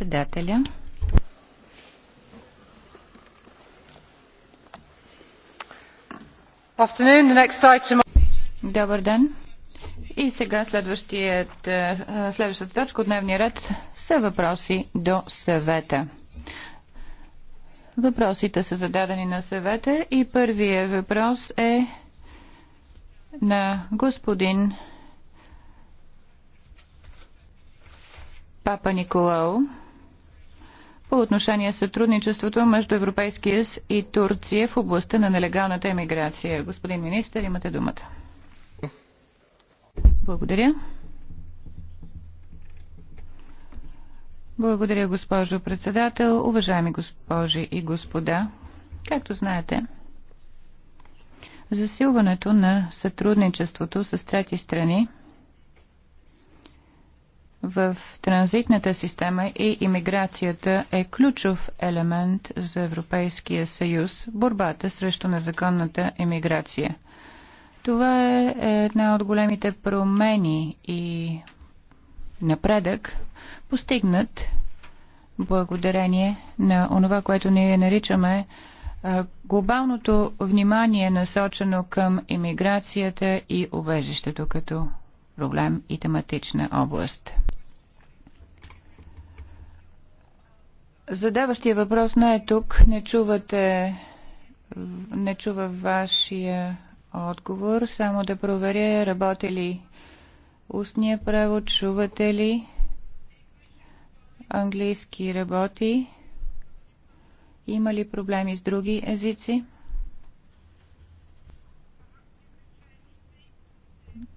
председателя. Добър ден. И сега е, следващата точка от дневния ред са въпроси до съвета. Въпросите са зададени на съвета и първият въпрос е на господин Папа Николао по отношение сътрудничеството между Европейския и Турция в областта на нелегалната емиграция. Господин министр, имате думата. Благодаря. Благодаря, госпожо председател, уважаеми госпожи и господа. Както знаете, засилването на сътрудничеството с трети страни – в транзитната система и иммиграцията е ключов елемент за Европейския съюз борбата срещу незаконната иммиграция. Това е една от големите промени и напредък, постигнат благодарение на онова, което ние наричаме глобалното внимание насочено към иммиграцията и убежището като проблем и тематична област. Задаващия въпрос не е тук. Не чувате, не чува вашия отговор. Само да проверя, работи ли устния превод, чувате ли? Английски работи. Има ли проблеми с други езици?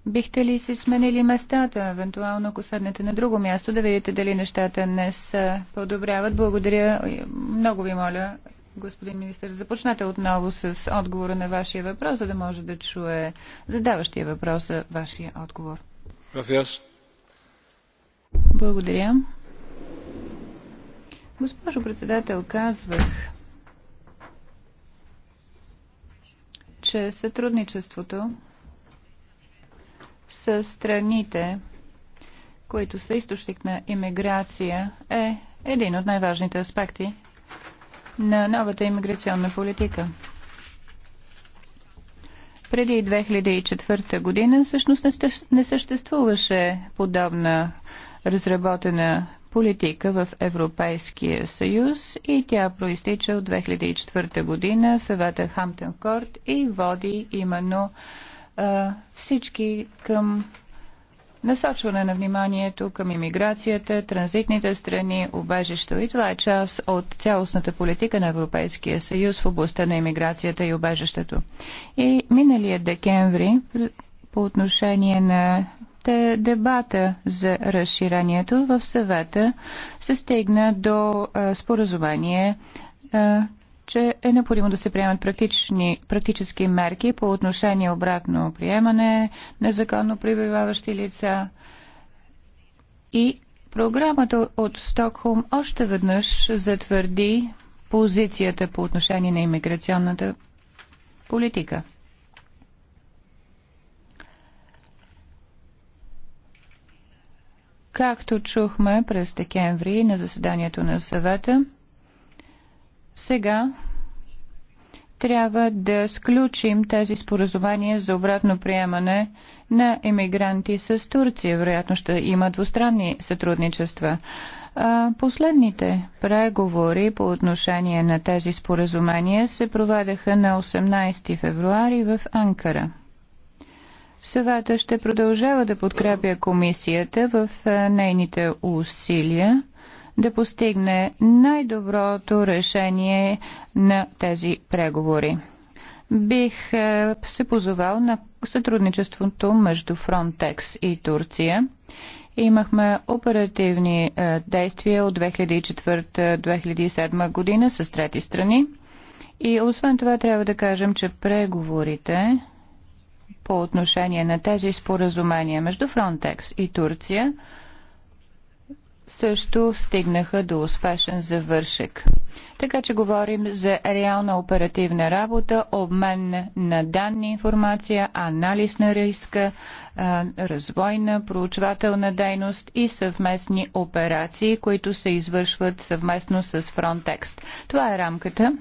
бихте ли си сменили местата, евентуално ако седнете на друго място, да видите дали нещата не се подобряват? Благодаря. Много ви моля, господин министр, започнете отново с отговора на вашия въпрос, за да може да чуе задаващия въпрос вашия отговор. Gracias. Благодаря. Госпожо председател, казвах, че сътрудничеството с страните, които са източник на иммиграция, е един от най-важните аспекти на новата иммиграционна политика. Преди 2004 година всъщност не съществуваше подобна разработена политика в Европейския съюз и тя проистича от 2004 година съвета Хамтен Корт и води именно всички към насочване на вниманието към иммиграцията, транзитните страни, убежището. И това е част от цялостната политика на Европейския съюз в областта на иммиграцията и убежището. И миналия декември по отношение на дебата за разширението в съвета се стигна до споразумение, че е необходимо да се приемат практични, практически мерки по отношение обратно приемане, незаконно прибиваващи лица и програмата от Стокхолм още веднъж затвърди позицията по отношение на иммиграционната политика. Както чухме през декември на заседанието на съвета, сега трябва да сключим тези споразумения за обратно приемане на емигранти с Турция. Вероятно ще има двустранни сътрудничества. Последните преговори по отношение на тези споразумения се проведаха на 18 февруари в Анкара. Съвета ще продължава да подкрепя комисията в нейните усилия да постигне най-доброто решение на тези преговори. Бих е, се позовал на сътрудничеството между Frontex и Турция. Имахме оперативни е, действия от 2004-2007 година с трети страни. И освен това трябва да кажем, че преговорите по отношение на тези споразумения между Frontex и Турция – също стигнаха до успешен завършек. Така че говорим за реална оперативна работа, обмен на данни информация, анализ на риска, развойна, проучвателна дейност и съвместни операции, които се извършват съвместно с Frontex. Това е рамката,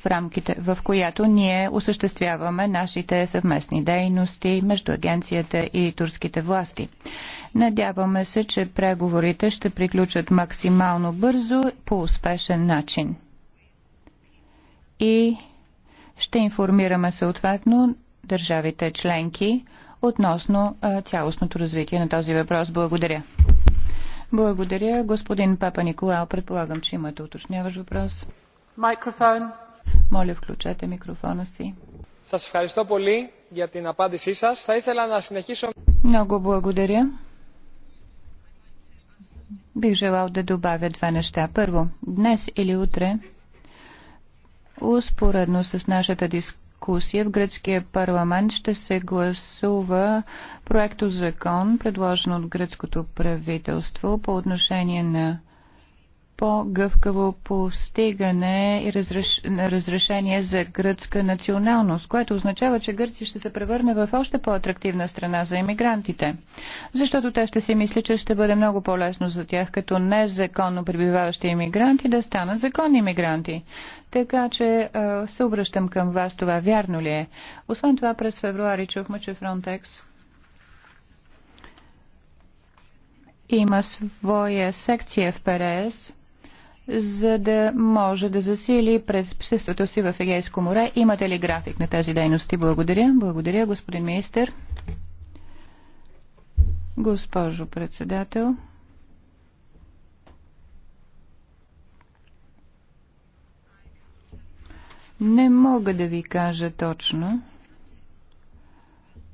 в рамките, в която ние осъществяваме нашите съвместни дейности между агенцията и турските власти. Надяваме се, че преговорите ще приключат максимално бързо по успешен начин. И ще информираме съответно държавите членки относно цялостното развитие на този въпрос. Благодаря. Благодаря. Господин Папа Николао, предполагам, че имате уточняваш въпрос. Микрофон. Моля, включете микрофона си. Много благодаря. Бих желал да добавя два неща. Първо, днес или утре, успоредно с нашата дискусия в гръцкия парламент ще се гласува проекто закон, предложен от гръцкото правителство по отношение на по-гъвкаво постигане и разреш... разрешение за гръцка националност, което означава, че Гърция ще се превърне в още по-атрактивна страна за иммигрантите. Защото те ще си мислят, че ще бъде много по-лесно за тях, като незаконно пребиваващи иммигранти да станат законни иммигранти. Така че се обръщам към вас, това вярно ли е? Освен това, през февруари чухме, че Фронтекс има своя секция в ПРС – за да може да засили през присъствието си в Егейско море. Имате ли график на тези дейности? Благодаря. Благодаря, господин министр. Госпожо председател. Не мога да ви кажа точно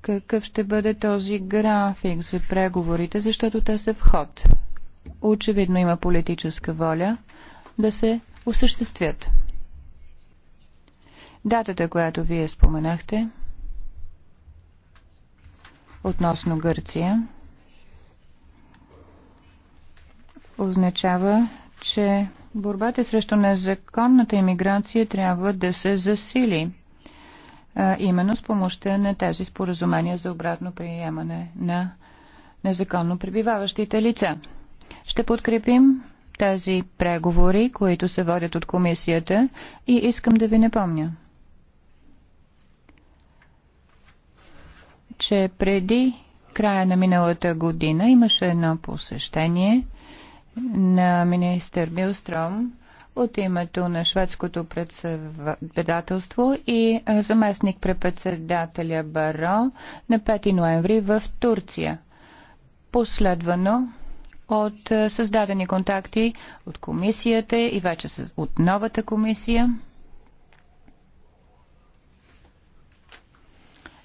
какъв ще бъде този график за преговорите, защото те са в ход. Очевидно има политическа воля да се осъществят. Датата, която вие споменахте относно Гърция, означава, че борбата срещу незаконната иммиграция трябва да се засили, именно с помощта на тези споразумения за обратно приемане на незаконно пребиваващите лица. Ще подкрепим тези преговори, които се водят от комисията и искам да ви напомня, че преди края на миналата година имаше едно посещение на министър Билстром от името на шведското председателство и заместник председателя Баро на 5 ноември в Турция, последвано от е, създадени контакти от комисията и вече от новата комисия.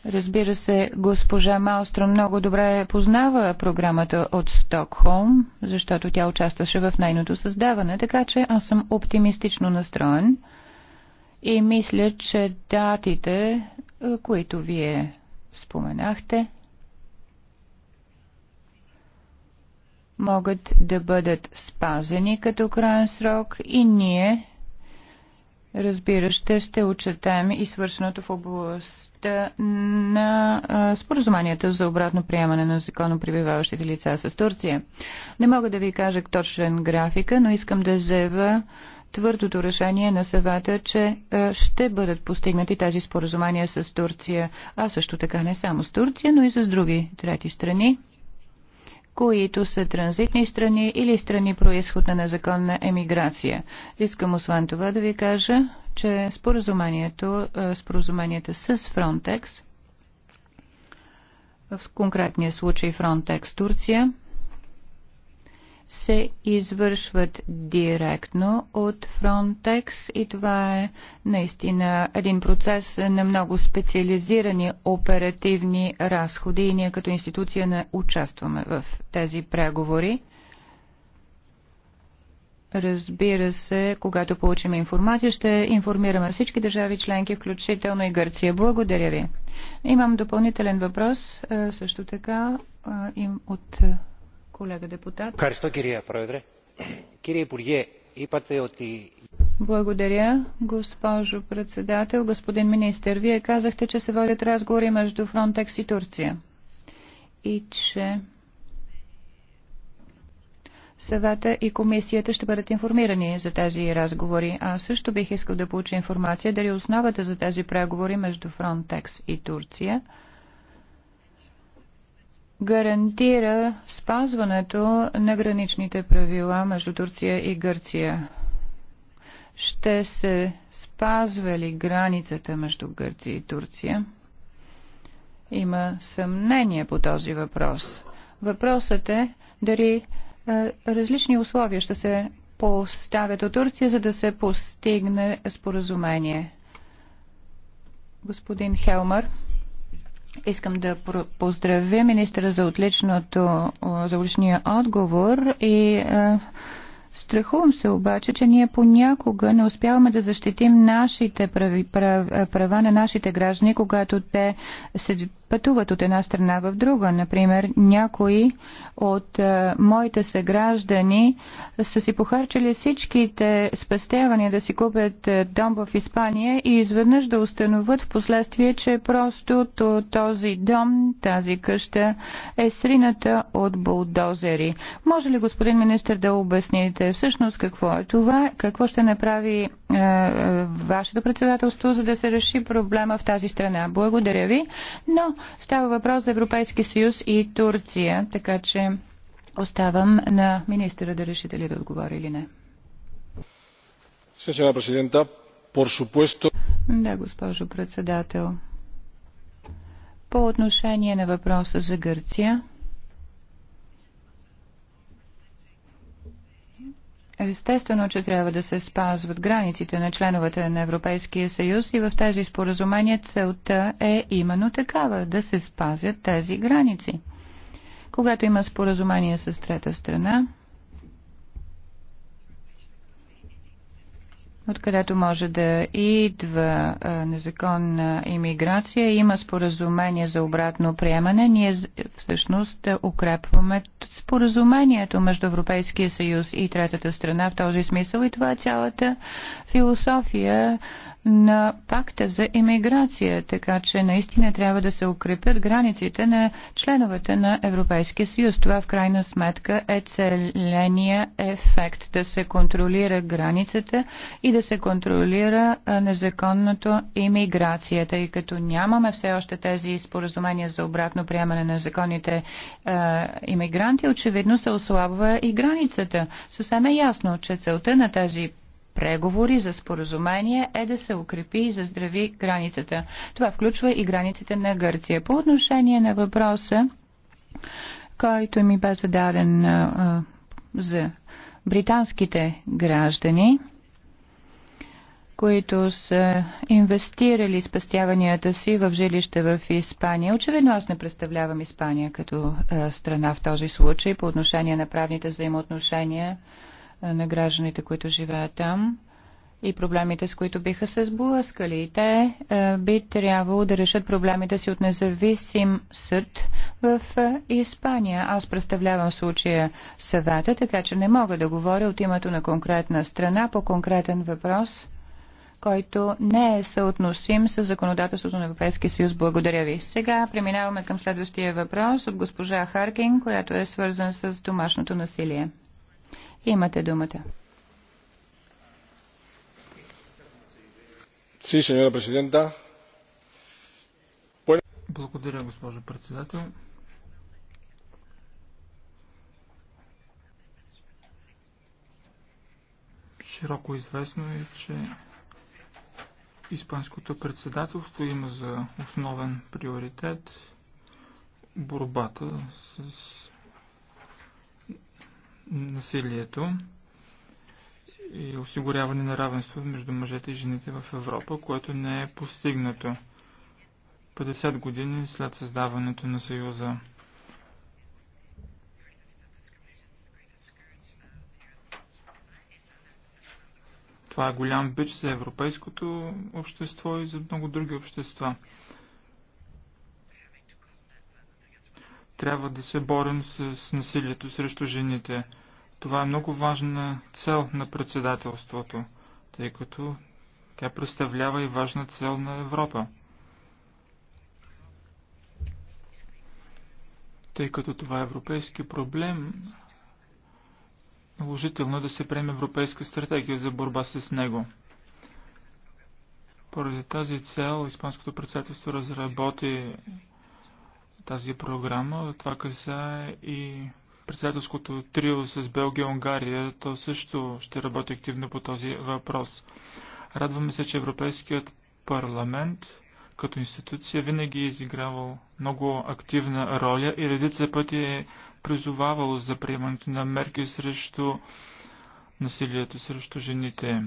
Разбира се, госпожа Малстром много добре познава програмата от Стокхолм, защото тя участваше в нейното създаване, така че аз съм оптимистично настроен и мисля, че датите, е, които вие споменахте, могат да бъдат спазени като крайен срок и ние, разбира ще, ще очетаем и свършеното в областта на а, за обратно приемане на законно прибиваващите лица с Турция. Не мога да ви кажа точен графика, но искам да заявя твърдото решение на съвета, че а, ще бъдат постигнати тези споразумания с Турция, а също така не само с Турция, но и с други трети страни които са транзитни страни или страни происход на незаконна емиграция. Искам освен това да ви кажа, че споразумението, е, споразуменията с Frontex, в конкретния случай Frontex Турция, се извършват директно от Frontex и това е наистина един процес на много специализирани оперативни разходи и ние като институция не участваме в тези преговори. Разбира се, когато получим информация, ще информираме всички държави членки, включително и Гърция. Благодаря ви. Имам допълнителен въпрос също така им от благодаря, госпожо председател. Господин министр, вие казахте, че се водят разговори между Фронтекс и Турция и че съвета и комисията ще бъдат информирани за тези разговори. а също бих искал да получа информация дали основата за тези преговори между Фронтекс и Турция – гарантира спазването на граничните правила между Турция и Гърция? Ще се спазва ли границата между Гърция и Турция? Има съмнение по този въпрос. Въпросът е дали е, различни условия ще се поставят от Турция, за да се постигне споразумение. Господин Хелмър. Искам да поздравя министра за отличното, за отличния отговор и е, Страхувам се обаче, че ние понякога не успяваме да защитим нашите прави, прав, права на нашите граждани, когато те се пътуват от една страна в друга. Например, някои от а, е, моите съграждани са си похарчили всичките спестявания да си купят е, дом в Испания и изведнъж да установят в последствие, че просто този дом, тази къща е срината от булдозери. Може ли господин министр да обясните е всъщност какво е това, какво ще направи е, вашето председателство, за да се реши проблема в тази страна. Благодаря ви, но става въпрос за Европейски съюз и Турция, така че оставам на министъра да решите ли да отговори или не. Señora Presidenta, por supuesto. Да, госпожо председател. По отношение на въпроса за Гърция, Естествено, че трябва да се спазват границите на членовете на Европейския съюз и в тези споразумения целта е именно такава да се спазят тези граници. Когато има споразумение с трета страна, откъдето може да идва незаконна иммиграция. Има споразумение за обратно приемане. Ние всъщност укрепваме споразумението между Европейския съюз и третата страна в този смисъл и това е цялата философия на пакта за иммиграция, така че наистина трябва да се укрепят границите на членовете на Европейския съюз. Това в крайна сметка е целения ефект да се контролира границата и да се контролира незаконното иммиграция, тъй като нямаме все още тези споразумения за обратно приемане на законните е, иммигранти, очевидно се ослабва и границата. Съвсем е ясно, че целта на тези преговори за споразумение е да се укрепи и заздрави границата. Това включва и границите на Гърция. По отношение на въпроса, който ми бе зададен а, за британските граждани, които са инвестирали спастяванията си в жилище в Испания. Очевидно аз не представлявам Испания като а, страна в този случай по отношение на правните взаимоотношения е, на гражданите, които живеят там и проблемите, с които биха се сблъскали. И те е, би трябвало да решат проблемите си от независим съд в е, Испания. Аз представлявам случая съвета, така че не мога да говоря от името на конкретна страна по конкретен въпрос, който не е съотносим с законодателството на Европейския съюз. Благодаря ви. Сега преминаваме към следващия въпрос от госпожа Харкин, която е свързан с домашното насилие. Имате думата. Благодаря, госпожо председател. Широко известно е, че Испанското председателство има за основен приоритет борбата с насилието и осигуряване на равенство между мъжете и жените в Европа, което не е постигнато 50 години след създаването на Съюза. Това е голям бич за европейското общество и за много други общества. Трябва да се борим с насилието срещу жените. Това е много важна цел на председателството, тъй като тя представлява и важна цел на Европа. Тъй като това е европейски проблем, наложително е да се приеме европейска стратегия за борба с него. Поради тази цел Испанското председателство разработи тази програма. Това касае и председателското трио с Белгия и Унгария. То също ще работи активно по този въпрос. Радваме се, че Европейският парламент като институция винаги е изигравал много активна роля и редица пъти е призовавал за приемането на мерки срещу насилието срещу жените.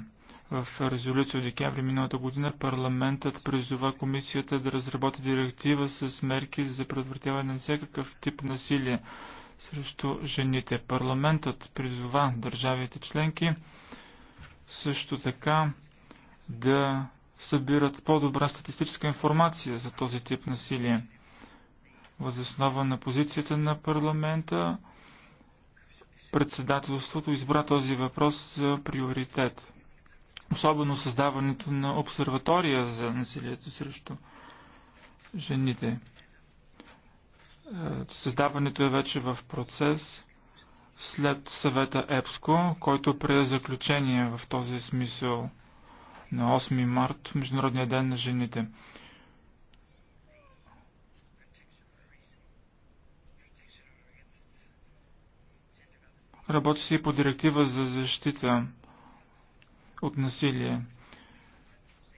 В резолюция от декември миналата година парламентът призова комисията да разработи директива с мерки за предотвратяване на всякакъв тип насилие срещу жените. Парламентът призова държавите членки също така да събират по-добра статистическа информация за този тип насилие. Възоснова на позицията на парламента, председателството избра този въпрос за приоритет. Особено създаването на обсерватория за насилието срещу жените. Е, създаването е вече в процес след съвета ЕПСКО, който прие заключение в този смисъл на 8 март, Международния ден на жените. Работи се и по директива за защита от насилие.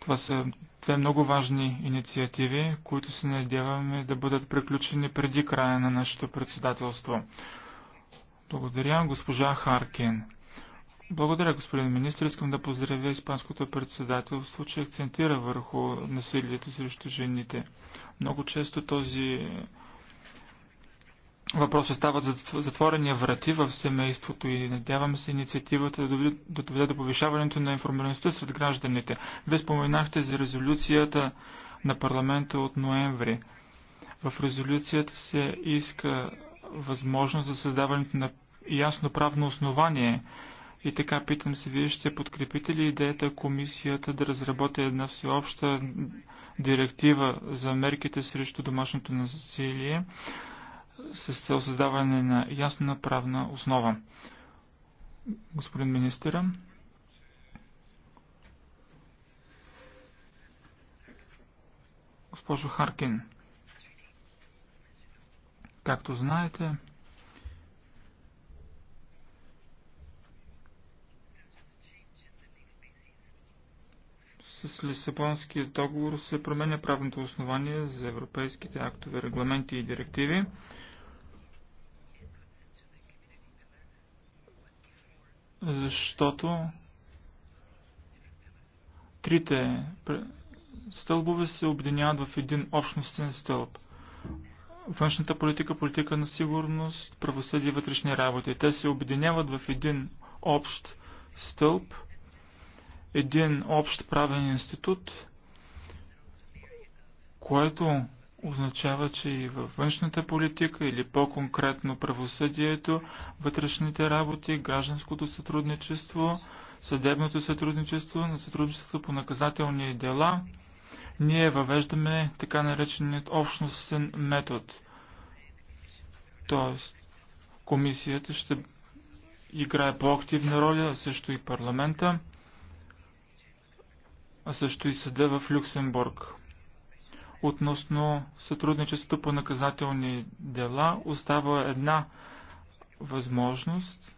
Това са две много важни инициативи, които се надяваме да бъдат приключени преди края на нашето председателство. Благодаря, госпожа Харкин. Благодаря, господин министр. Искам да поздравя Испанското председателство, че акцентира върху насилието срещу жените. Много често този въпроса стават затворени врати в семейството и надявам се инициативата да доведе, да доведе до повишаването на информираността сред гражданите. Вие споменахте за резолюцията на парламента от ноември. В резолюцията се иска възможност за създаването на ясно правно основание. И така питам се, вие ще подкрепите ли идеята комисията да разработи една всеобща директива за мерките срещу домашното насилие? с цел създаване на ясна правна основа. Господин министъра, госпожо Харкин, както знаете, С Лисабонския договор се променя правното основание за европейските актове, регламенти и директиви. защото трите стълбове се объединяват в един общностен стълб. Външната политика, политика на сигурност, правосъдие и вътрешни работи. Те се объединяват в един общ стълб, един общ правен институт, което означава, че и във външната политика или по-конкретно правосъдието, вътрешните работи, гражданското сътрудничество, съдебното сътрудничество, на сътрудничеството по наказателни дела, ние въвеждаме така нареченият общностен метод. Тоест, комисията ще играе по-активна роля, а също и парламента, а също и съда в Люксембург относно сътрудничеството по наказателни дела остава една възможност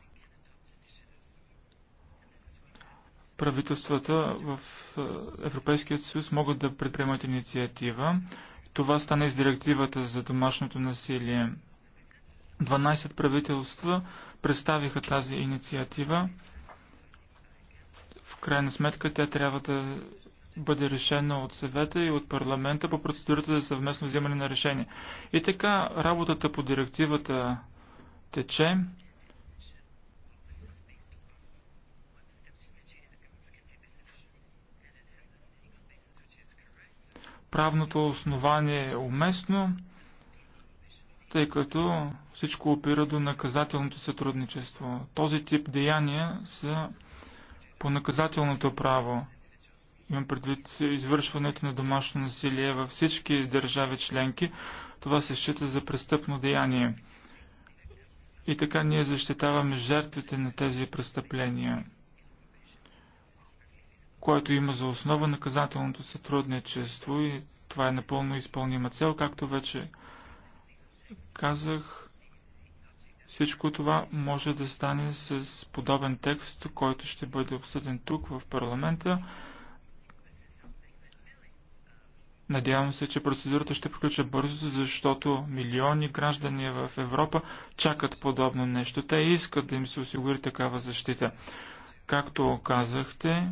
правителствата в е, Европейския съюз могат да предприемат инициатива. Това стана из директивата за домашното насилие. 12 правителства представиха тази инициатива. В крайна сметка тя трябва да бъде решена от съвета и от парламента по процедурата за съвместно вземане на решение. И така работата по директивата тече. Правното основание е уместно, тъй като всичко опира до наказателното сътрудничество. Този тип деяния са по наказателното право имам предвид извършването на домашно насилие във всички държави членки, това се счита за престъпно деяние. И така ние защитаваме жертвите на тези престъпления, което има за основа наказателното сътрудничество и това е напълно изпълнима цел, както вече казах. Всичко това може да стане с подобен текст, който ще бъде обсъден тук в парламента. Надявам се, че процедурата ще приключи бързо, защото милиони граждани в Европа чакат подобно нещо. Те искат да им се осигури такава защита. Както казахте,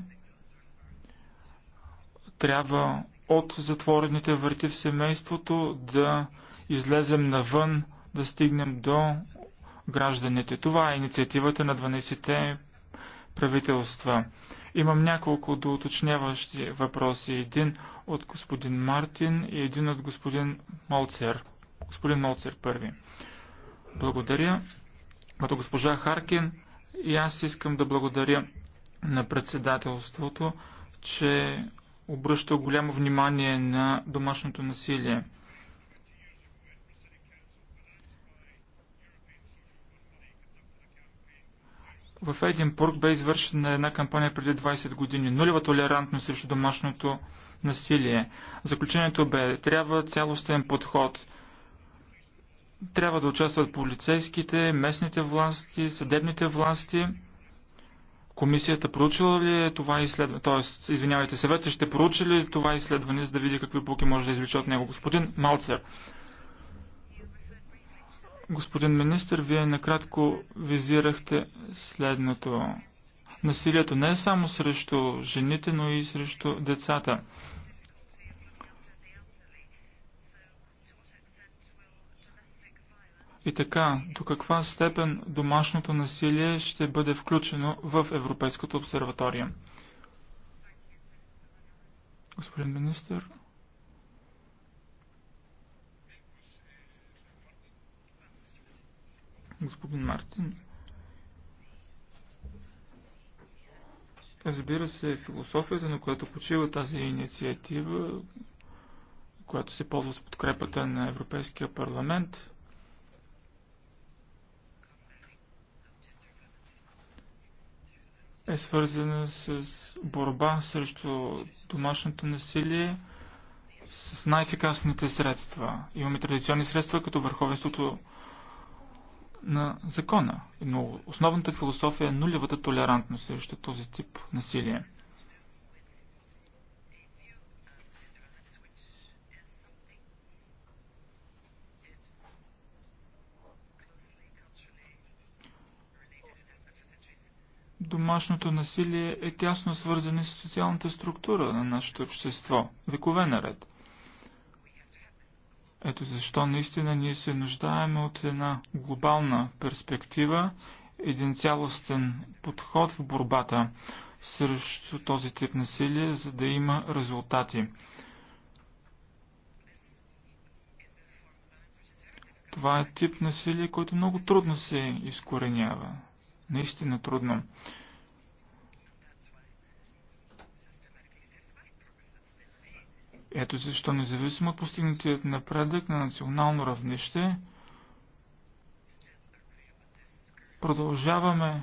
трябва от затворените врати в семейството да излезем навън, да стигнем до гражданите. Това е инициативата на 12-те правителства. Имам няколко доуточняващи въпроси. Един от господин Мартин и един от господин Молцер. Господин Молцер първи. Благодаря. Като госпожа Харкин, и аз искам да благодаря на председателството, че обръща голямо внимание на домашното насилие. В Единбург бе извършена една кампания преди 20 години. Нулева толерантност срещу домашното насилие насилие. Заключението бе, трябва цялостен подход. Трябва да участват полицейските, местните власти, съдебните власти. Комисията проучила ли е това изследване, т.е. извинявайте, съвета ще проучи ли това изследване, за да види какви буки може да извлече от него. Господин Малцер, господин министр, вие накратко визирахте следното. Насилието не е само срещу жените, но и срещу децата. И така, до каква степен домашното насилие ще бъде включено в Европейската обсерватория? Господин министр. Господин Мартин. Разбира се, философията, на която почива тази инициатива, която се ползва с подкрепата на Европейския парламент, е свързана с борба срещу домашното насилие с най-ефикасните средства. Имаме традиционни средства, като върховенството на закона. Но основната философия е нулевата толерантност срещу този тип насилие. домашното насилие е тясно свързани с социалната структура на нашето общество, векове наред. Ето защо наистина ние се нуждаем от една глобална перспектива, един цялостен подход в борбата срещу този тип насилие, за да има резултати. Това е тип насилие, който много трудно се изкоренява. Наистина трудно. Ето защо, независимо от постигнатият напредък на национално равнище, продължаваме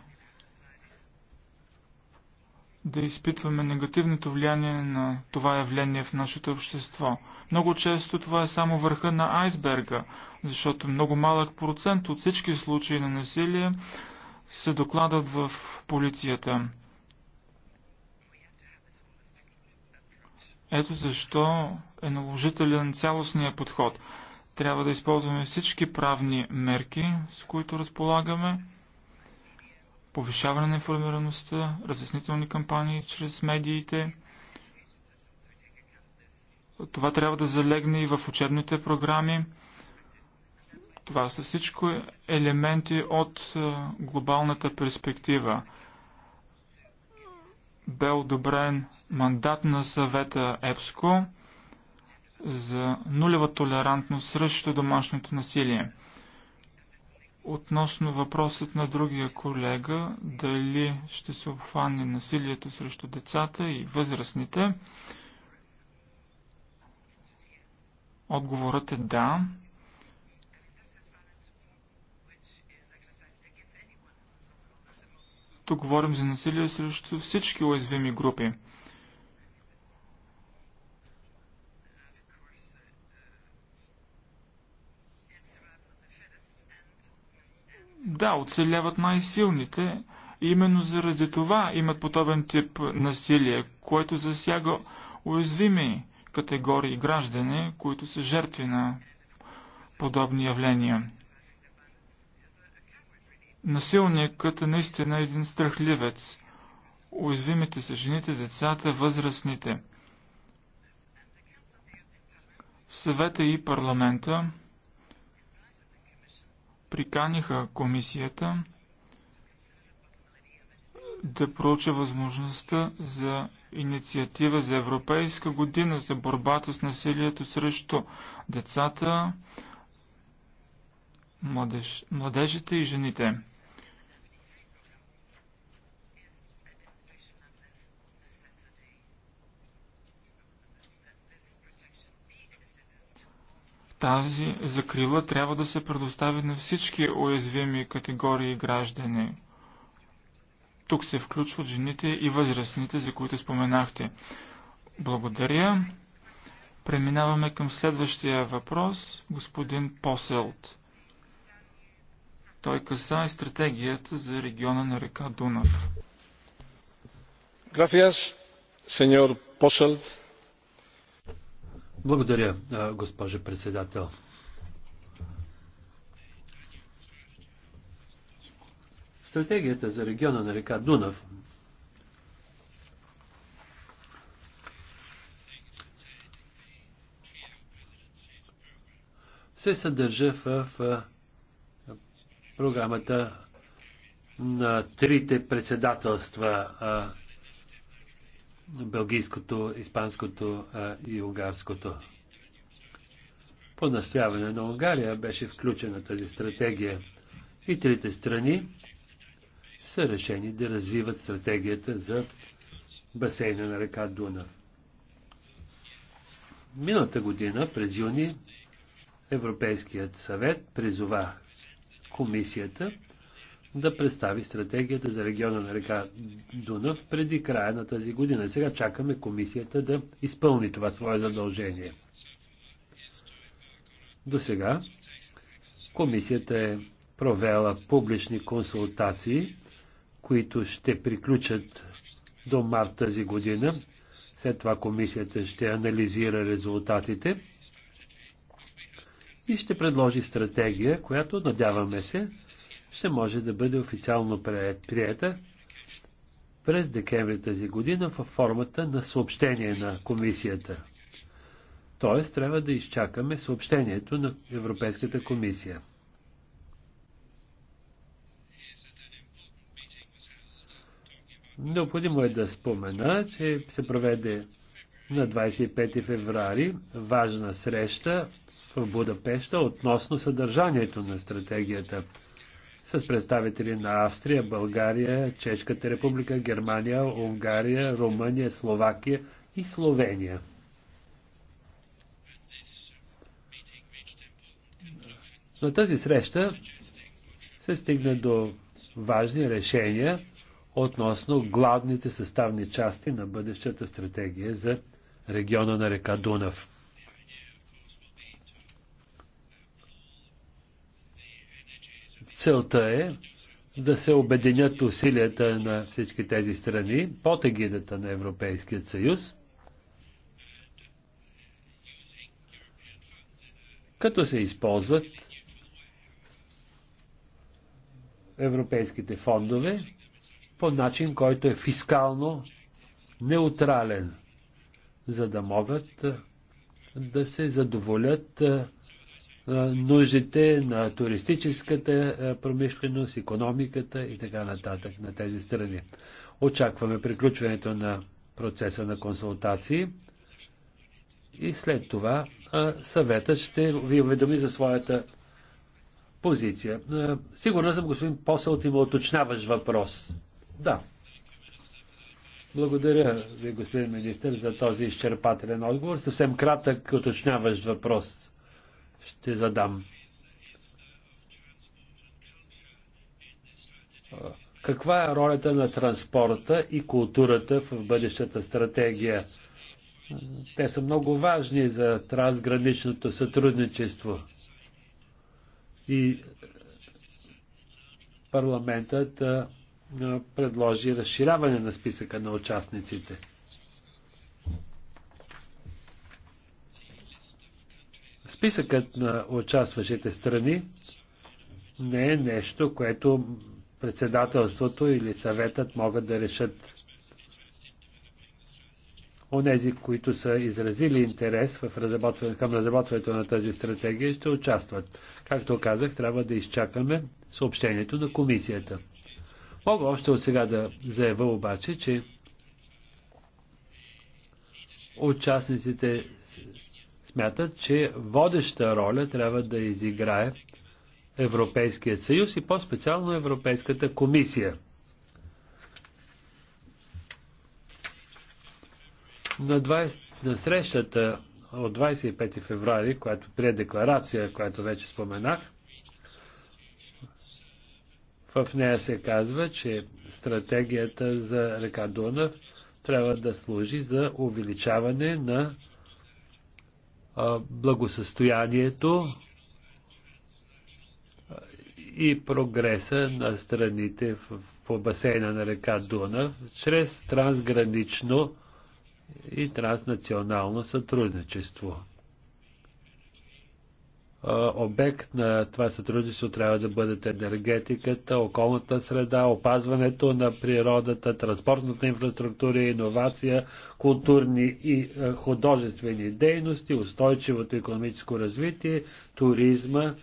да изпитваме негативното влияние на това явление в нашето общество. Много често това е само върха на айсберга, защото много малък процент от всички случаи на насилие се докладат в полицията. Ето защо е наложителен цялостния подход. Трябва да използваме всички правни мерки, с които разполагаме, повишаване на информираността, разяснителни кампании чрез медиите. Това трябва да залегне и в учебните програми. Това са всичко елементи от глобалната перспектива – бе одобрен мандат на съвета ЕПСКО за нулева толерантност срещу домашното насилие. Относно въпросът на другия колега, дали ще се обхване насилието срещу децата и възрастните, отговорът е да. Тук говорим за насилие срещу всички уязвими групи. Да, оцеляват най-силните. Именно заради това имат подобен тип насилие, което засяга уязвими категории граждани, които са жертви на подобни явления. Насилникът е наистина е един страхливец. Уязвимите са жените, децата, възрастните. В съвета и парламента приканиха комисията да проуча възможността за инициатива за Европейска година за борбата с насилието срещу децата, младеж, младежите и жените. Тази закрила трябва да се предостави на всички уязвими категории граждани. Тук се включват жените и възрастните, за които споменахте. Благодаря. Преминаваме към следващия въпрос. Господин Поселт. Той каса и стратегията за региона на река Дунав. Благодаря, госпожо председател. Стратегията за региона на река Дунав се съдържа в, в програмата на трите председателства а, бългийското, испанското а, и унгарското. По настояване на Унгария беше включена тази стратегия и трите страни са решени да развиват стратегията за басейна на река Дунав. Миналата година, през юни, Европейският съвет призова комисията да представи стратегията за региона на река Дунав преди края на тази година. Сега чакаме комисията да изпълни това свое задължение. До сега комисията е провела публични консултации, които ще приключат до март тази година. След това комисията ще анализира резултатите и ще предложи стратегия, която, надяваме се, ще може да бъде официално приета през декември тази година във формата на съобщение на комисията. Тоест, трябва да изчакаме съобщението на Европейската комисия. Необходимо е да спомена, че се проведе на 25 феврари важна среща в Будапешта относно съдържанието на стратегията с представители на Австрия, България, Чешката република, Германия, Унгария, Румъния, Словакия и Словения. На тази среща се стигна до важни решения относно главните съставни части на бъдещата стратегия за региона на река Дунав. Целта е да се обединят усилията на всички тези страни под егидата на Европейския съюз, като се използват европейските фондове по начин, който е фискално неутрален, за да могат да се задоволят нуждите на туристическата промишленост, економиката и така нататък на тези страни. Очакваме приключването на процеса на консултации и след това съветът ще ви уведоми за своята позиция. Сигурно съм, господин ти има оточняваш въпрос. Да. Благодаря ви, господин министр, за този изчерпателен отговор. Съвсем кратък уточняващ въпрос ще задам. Каква е ролята на транспорта и културата в бъдещата стратегия? Те са много важни за трансграничното сътрудничество. И парламентът предложи разширяване на списъка на участниците. Списъкът на участващите страни не е нещо, което председателството или съветът могат да решат. Онези, които са изразили интерес в разработване, към разработването на тази стратегия, ще участват. Както казах, трябва да изчакаме съобщението на комисията. Мога още от сега да заявя обаче, че участниците смятат, че водеща роля трябва да изиграе Европейският съюз и по-специално Европейската комисия. На, 20, на срещата от 25 февруари, която прие декларация, която вече споменах, в нея се казва, че стратегията за река Дунав трябва да служи за увеличаване на благосъстоянието и прогреса на страните в, по басейна на река Дунав чрез трансгранично и транснационално сътрудничество обект на това сътрудничество трябва да бъдат енергетиката, околната среда, опазването на природата, транспортната инфраструктура, иновация, културни и е, художествени дейности, устойчивото економическо развитие, туризма,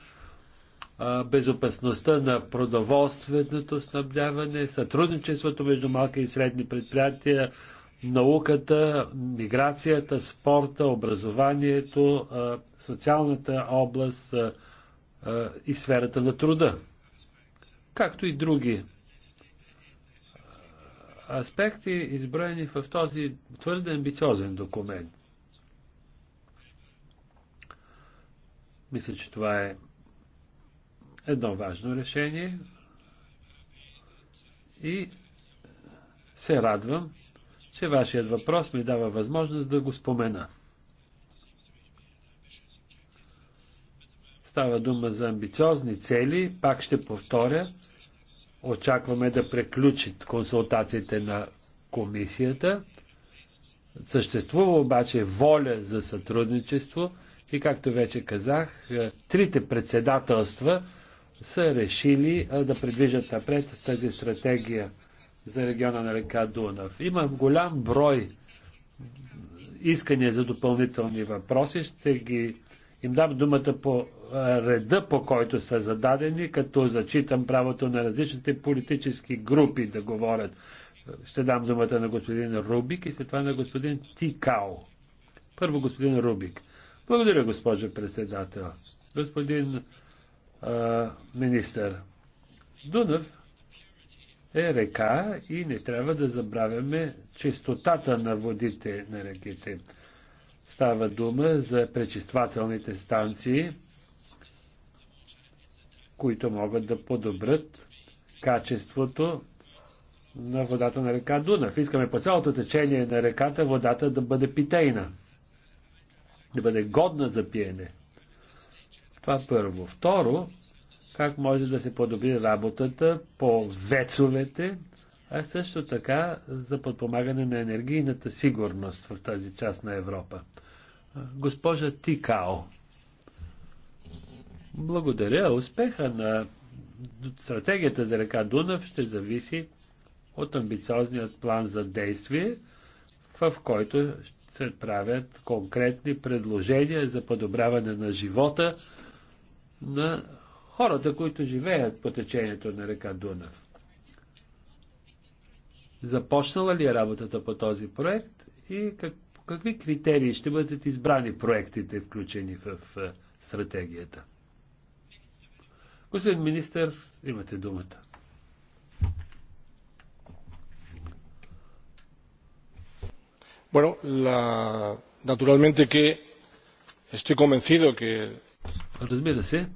безопасността на продоволственото снабдяване, сътрудничеството между малки и средни предприятия, науката, миграцията, спорта, образованието, социалната област и сферата на труда, както и други аспекти, изброени в този твърде амбициозен документ. Мисля, че това е едно важно решение и се радвам, че вашият въпрос ми дава възможност да го спомена. Става дума за амбициозни цели, пак ще повторя. Очакваме да приключат консултациите на комисията. Съществува обаче воля за сътрудничество и, както вече казах, е, трите председателства са решили е, да предвижат напред тази стратегия за региона на река Дунав. Има голям брой искания за допълнителни въпроси. Ще ги им дам думата по реда, по който са зададени, като зачитам правото на различните политически групи да говорят. Ще дам думата на господин Рубик и след това на господин Тикао. Първо господин Рубик. Благодаря, госпожо председател. Господин а, министър, Дунав е река и не трябва да забравяме чистотата на водите на реките. Става дума за пречиствателните станции, които могат да подобрят качеството на водата на река Дунав. Искаме по цялото течение на реката водата да бъде питейна, да бъде годна за пиене. Това първо. Второ, как може да се подобри работата по вецовете, а също така за подпомагане на енергийната сигурност в тази част на Европа. Госпожа Тикао. Благодаря. Успеха на стратегията за река Дунав ще зависи от амбициозният план за действие, в който се правят конкретни предложения за подобряване на живота на хората, които живеят по течението на река Дунав. Започнала ли е работата по този проект и как, какви критерии ще бъдат избрани проектите, включени в е, стратегията? Господин министр, имате думата. Bueno, la... naturalmente que estoy convencido que... Разбира се,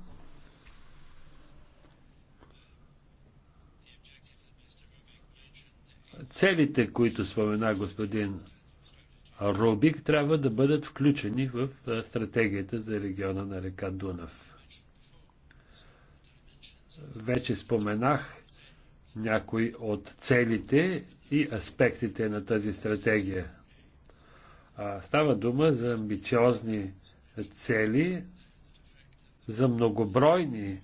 целите, които спомена господин Рубик, трябва да бъдат включени в стратегията за региона на река Дунав. Вече споменах някои от целите и аспектите на тази стратегия. Става дума за амбициозни цели, за многобройни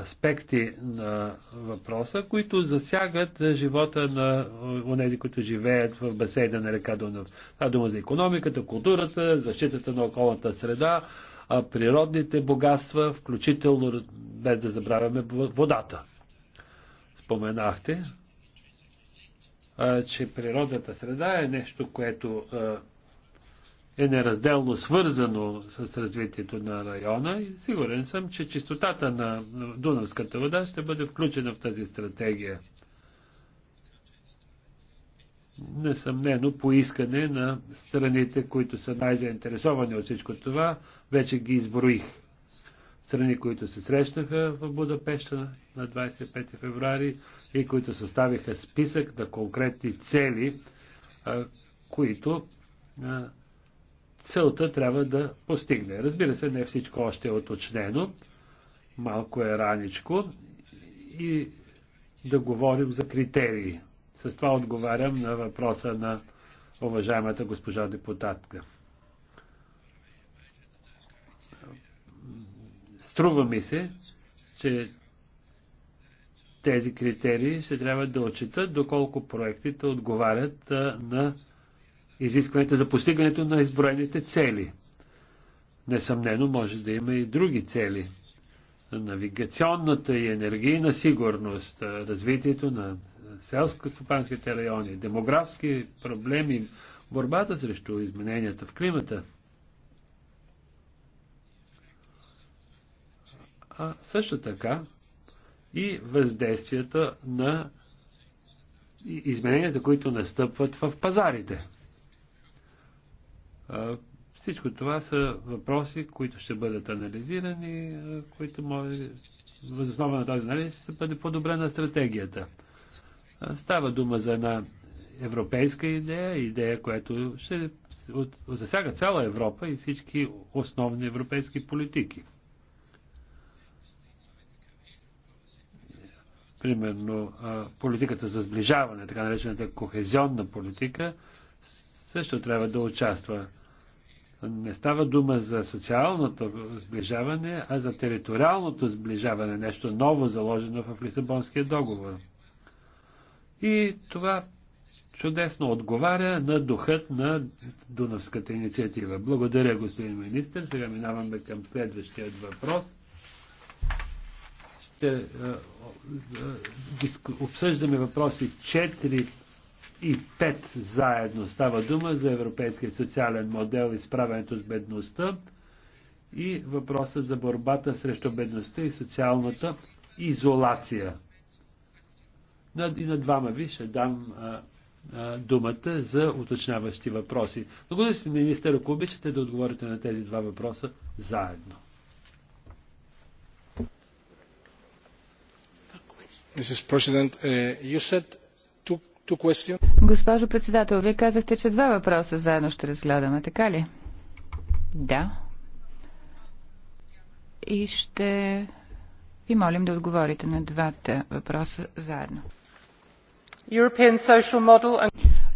аспекти на въпроса, които засягат живота на онези, които живеят в басейна на река Дунав. Това дума за економиката, културата, защитата на околната среда, природните богатства, включително без да забравяме водата. Споменахте, че природната среда е нещо, което е неразделно свързано с развитието на района и сигурен съм, че чистотата на Дунавската вода ще бъде включена в тази стратегия. Несъмнено, поискане на страните, които са най-заинтересовани от всичко това, вече ги изброих. Страни, които се срещнаха в Будапешта на 25 феврари и които съставиха списък на конкретни цели, които целта трябва да постигне. Разбира се, не всичко още е оточнено, малко е раничко и да говорим за критерии. С това отговарям на въпроса на уважаемата госпожа депутатка. Струва ми се, че тези критерии ще трябва да отчитат доколко проектите отговарят на изискванията за постигането на изброените цели. Несъмнено може да има и други цели. Навигационната и енергийна сигурност, развитието на селско-стопанските райони, демографски проблеми, борбата срещу измененията в климата. А също така и въздействията на измененията, които настъпват в пазарите. Всичко това са въпроси, които ще бъдат анализирани, които може, възоснова на тази анализ ще бъде подобрена стратегията. Става дума за една европейска идея, идея, която ще засяга цяла Европа и всички основни европейски политики. Примерно политиката за сближаване, така наречената кохезионна политика, също трябва да участва не става дума за социалното сближаване, а за териториалното сближаване, нещо ново заложено в Лисабонския договор. И това чудесно отговаря на духът на Дунавската инициатива. Благодаря, господин министр. Сега минаваме към следващия въпрос. Ще е, е, диску, обсъждаме въпроси 4, и 5 заедно. Става дума за европейския социален модел и справянето с бедността и въпроса за борбата срещу бедността и социалната изолация. И на двама ви ще дам а, а, думата за уточняващи въпроси. Благодаря си, министър, ако обичате да отговорите на тези два въпроса заедно. Mrs. President, uh, you said Госпожо председател, вие казахте, че два въпроса заедно ще разгледаме, така ли? Да. И ще ви молим да отговорите на двата въпроса заедно.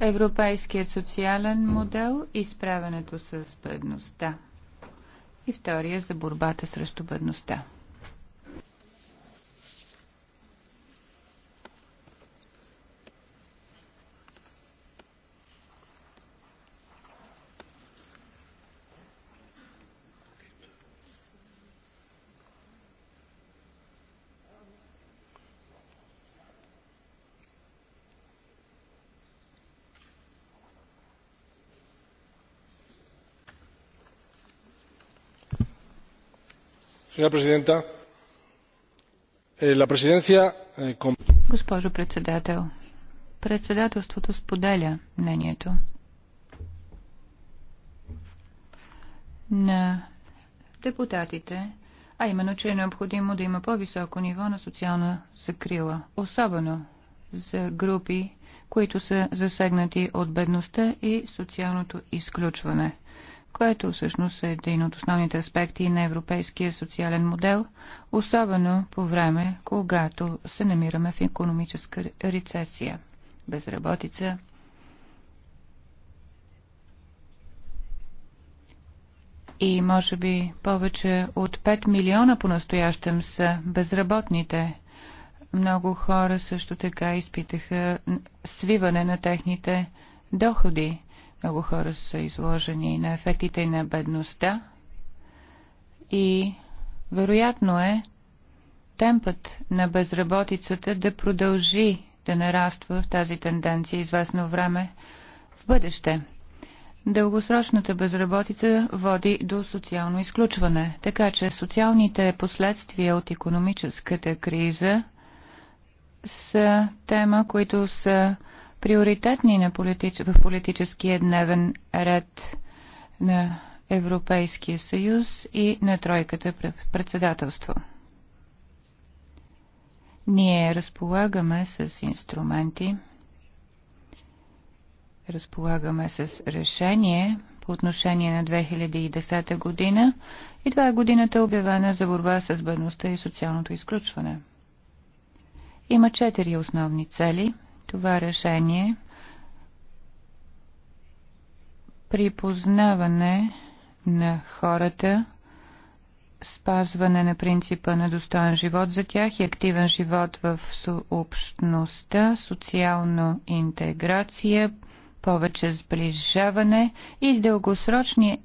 Европейският социален модел и справянето с бедността. И втория за борбата срещу бедността. Señora presidenta, eh, la presidencia... Eh, Госпожо председател, председателството споделя мнението на депутатите, а именно, че е необходимо да има по-високо ниво на социална закрила, особено за групи, които са засегнати от бедността и социалното изключване което всъщност е един от основните аспекти на европейския социален модел, особено по време, когато се намираме в економическа рецесия, безработица. И може би повече от 5 милиона по-настоящем са безработните. Много хора също така изпитаха свиване на техните доходи много хора са изложени на ефектите и на бедността. И вероятно е темпът на безработицата да продължи да нараства в тази тенденция известно време в бъдеще. Дългосрочната безработица води до социално изключване, така че социалните последствия от економическата криза са тема, които са приоритетни на политич... в политическия дневен ред на Европейския съюз и на тройката председателство. Ние разполагаме с инструменти, разполагаме с решение по отношение на 2010 година и това е годината обявена за борба с бедността и социалното изключване. Има четири основни цели – това решение при познаване на хората, спазване на принципа на достоен живот за тях и активен живот в общността, социално интеграция, повече сближаване и дългосрочни е,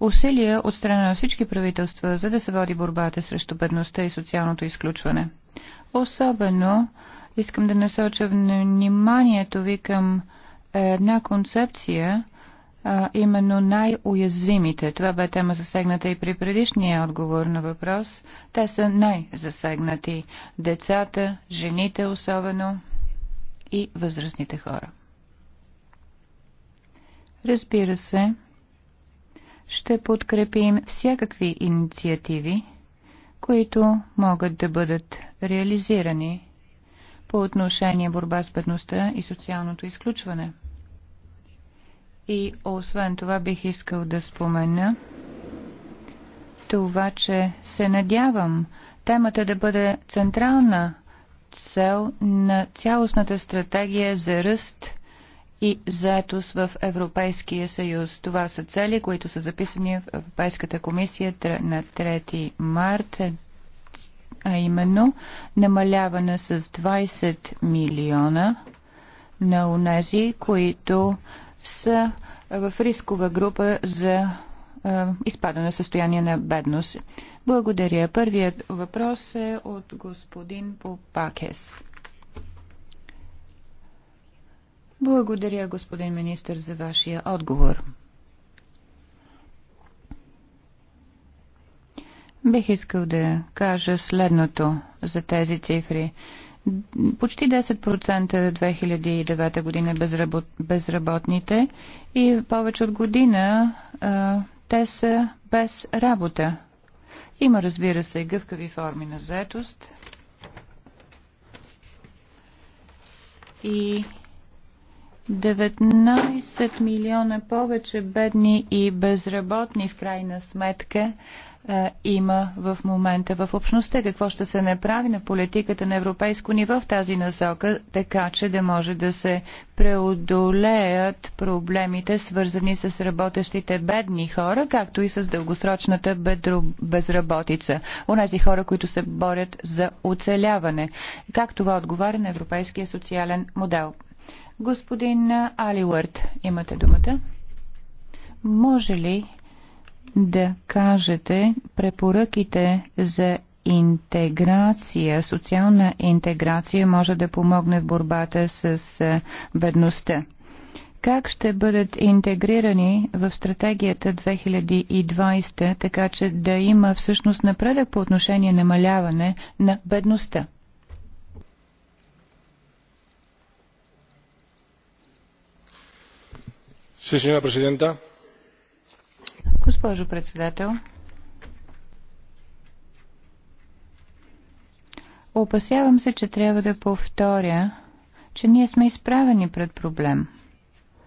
усилия от страна на всички правителства, за да се води борбата срещу бедността и социалното изключване. Особено Искам да насоча вниманието ви към една концепция, а, именно най-уязвимите. Това бе тема засегната и при предишния отговор на въпрос. Те са най-засегнати. Децата, жените особено и възрастните хора. Разбира се, ще подкрепим всякакви инициативи, които могат да бъдат реализирани по отношение борба с бедността и социалното изключване. И освен това бих искал да спомена това, че се надявам темата да бъде централна цел на цялостната стратегия за ръст и заетост в Европейския съюз. Това са цели, които са записани в Европейската комисия на 3 марта а именно намаляване с 20 милиона на унези, които са в рискова група за изпадане в състояние на бедност. Благодаря. Първият въпрос е от господин Попакес. Благодаря, господин министр, за вашия отговор. Бих искал да кажа следното за тези цифри. Почти 10% 2009 година безработ... безработните и повече от година а, те са без работа. Има, разбира се, и гъвкави форми на заетост. И 19 милиона повече бедни и безработни в крайна сметка е, има в момента в общността, какво ще се направи на политиката на европейско ниво в тази насока, така че да може да се преодолеят проблемите, свързани с работещите бедни хора, както и с дългосрочната безработица. Унези хора, които се борят за оцеляване. Как това отговаря на европейския социален модел? Господин Алиуърт, имате думата. Може ли да кажете препоръките за интеграция, социална интеграция може да помогне в борбата с бедността. Как ще бъдат интегрирани в стратегията 2020, така че да има всъщност напредък по отношение намаляване на бедността? Sí, señora presidenta. Госпожо председател, опасявам се, че трябва да повторя, че ние сме изправени пред проблем,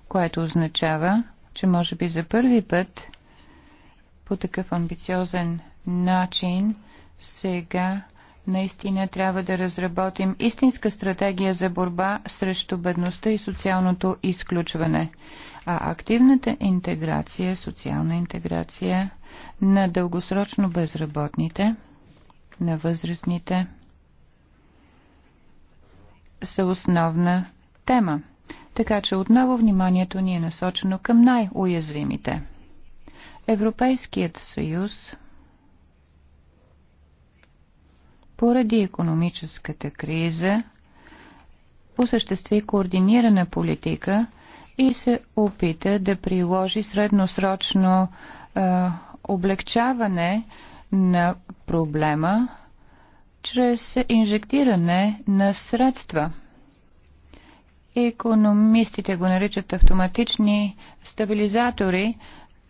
което означава, че може би за първи път по такъв амбициозен начин сега наистина трябва да разработим истинска стратегия за борба срещу бедността и социалното изключване. А активната интеграция, социална интеграция на дългосрочно безработните, на възрастните, са основна тема. Така че отново вниманието ни е насочено към най-уязвимите. Европейският съюз поради економическата криза осъществи координирана политика – и се опита да приложи средносрочно е, облегчаване на проблема чрез инжектиране на средства. Економистите го наричат автоматични стабилизатори,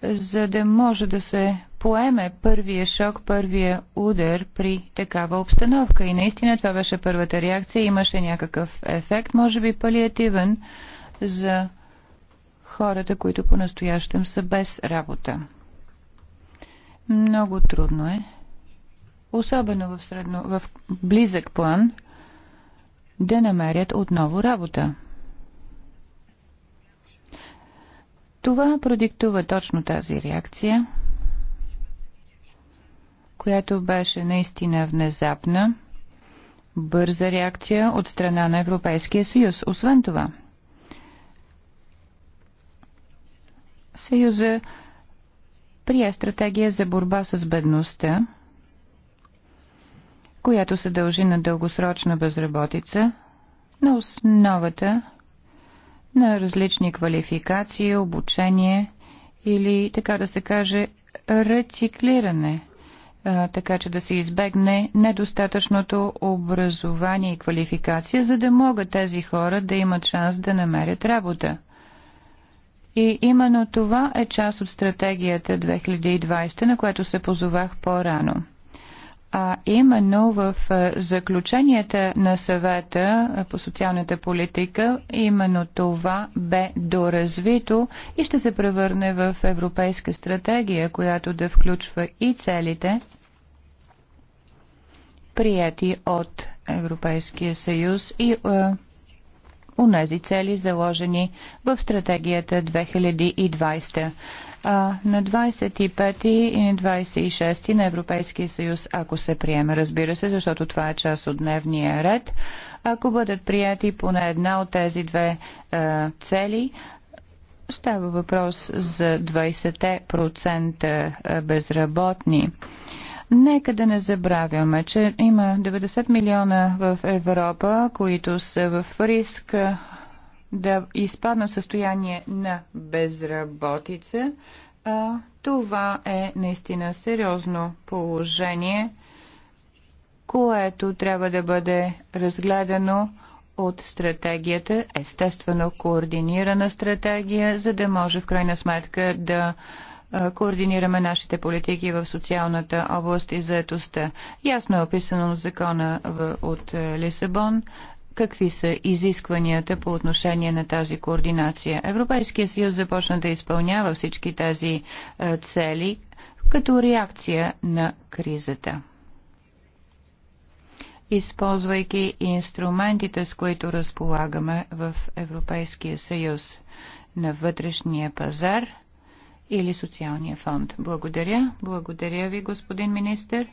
за да може да се поеме първия шок, първия удар при такава обстановка. И наистина това беше първата реакция. Имаше някакъв ефект, може би палиативен, за хората, които по-настоящем са без работа. Много трудно е, особено в, средно, в близък план, да намерят отново работа. Това продиктува точно тази реакция, която беше наистина внезапна, бърза реакция от страна на Европейския съюз. Освен това, Съюза прие стратегия за борба с бедността, която се дължи на дългосрочна безработица, на основата на различни квалификации, обучение или, така да се каже, рециклиране, така че да се избегне недостатъчното образование и квалификация, за да могат тези хора да имат шанс да намерят работа. И именно това е част от стратегията 2020, на която се позовах по-рано. А именно в заключенията на съвета по социалната политика, именно това бе доразвито и ще се превърне в европейска стратегия, която да включва и целите, прияти от Европейския съюз и унези цели заложени в стратегията 2020. А на 25 и 26 на Европейския съюз, ако се приеме, разбира се, защото това е част от дневния ред, ако бъдат прияти поне една от тези две е, цели, става въпрос за 20% е, безработни. Е, Нека да не забравяме, че има 90 милиона в Европа, които са в риск да изпаднат в състояние на безработица. Това е наистина сериозно положение, което трябва да бъде разгледано от стратегията, естествено координирана стратегия, за да може в крайна сметка да координираме нашите политики в социалната област и заетостта. Ясно е описано в закона от е, Лисабон какви са изискванията по отношение на тази координация. Европейския съюз започна да изпълнява всички тези е, цели като реакция на кризата използвайки инструментите, с които разполагаме в Европейския съюз на вътрешния пазар – или социалния фонд. Благодаря. Благодаря ви, господин министр.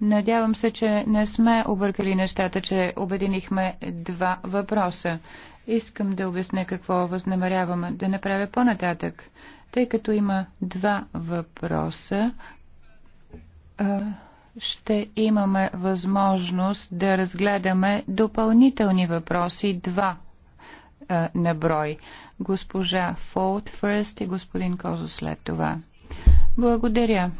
Надявам се, че не сме объркали нещата, че обединихме два въпроса. Искам да обясня какво възнамеряваме да направя по-нататък, тъй като има два въпроса ще имаме възможност да разгледаме допълнителни въпроси, два на брой. Госпожа Фолд Фърст и господин Козо след това. Благодаря.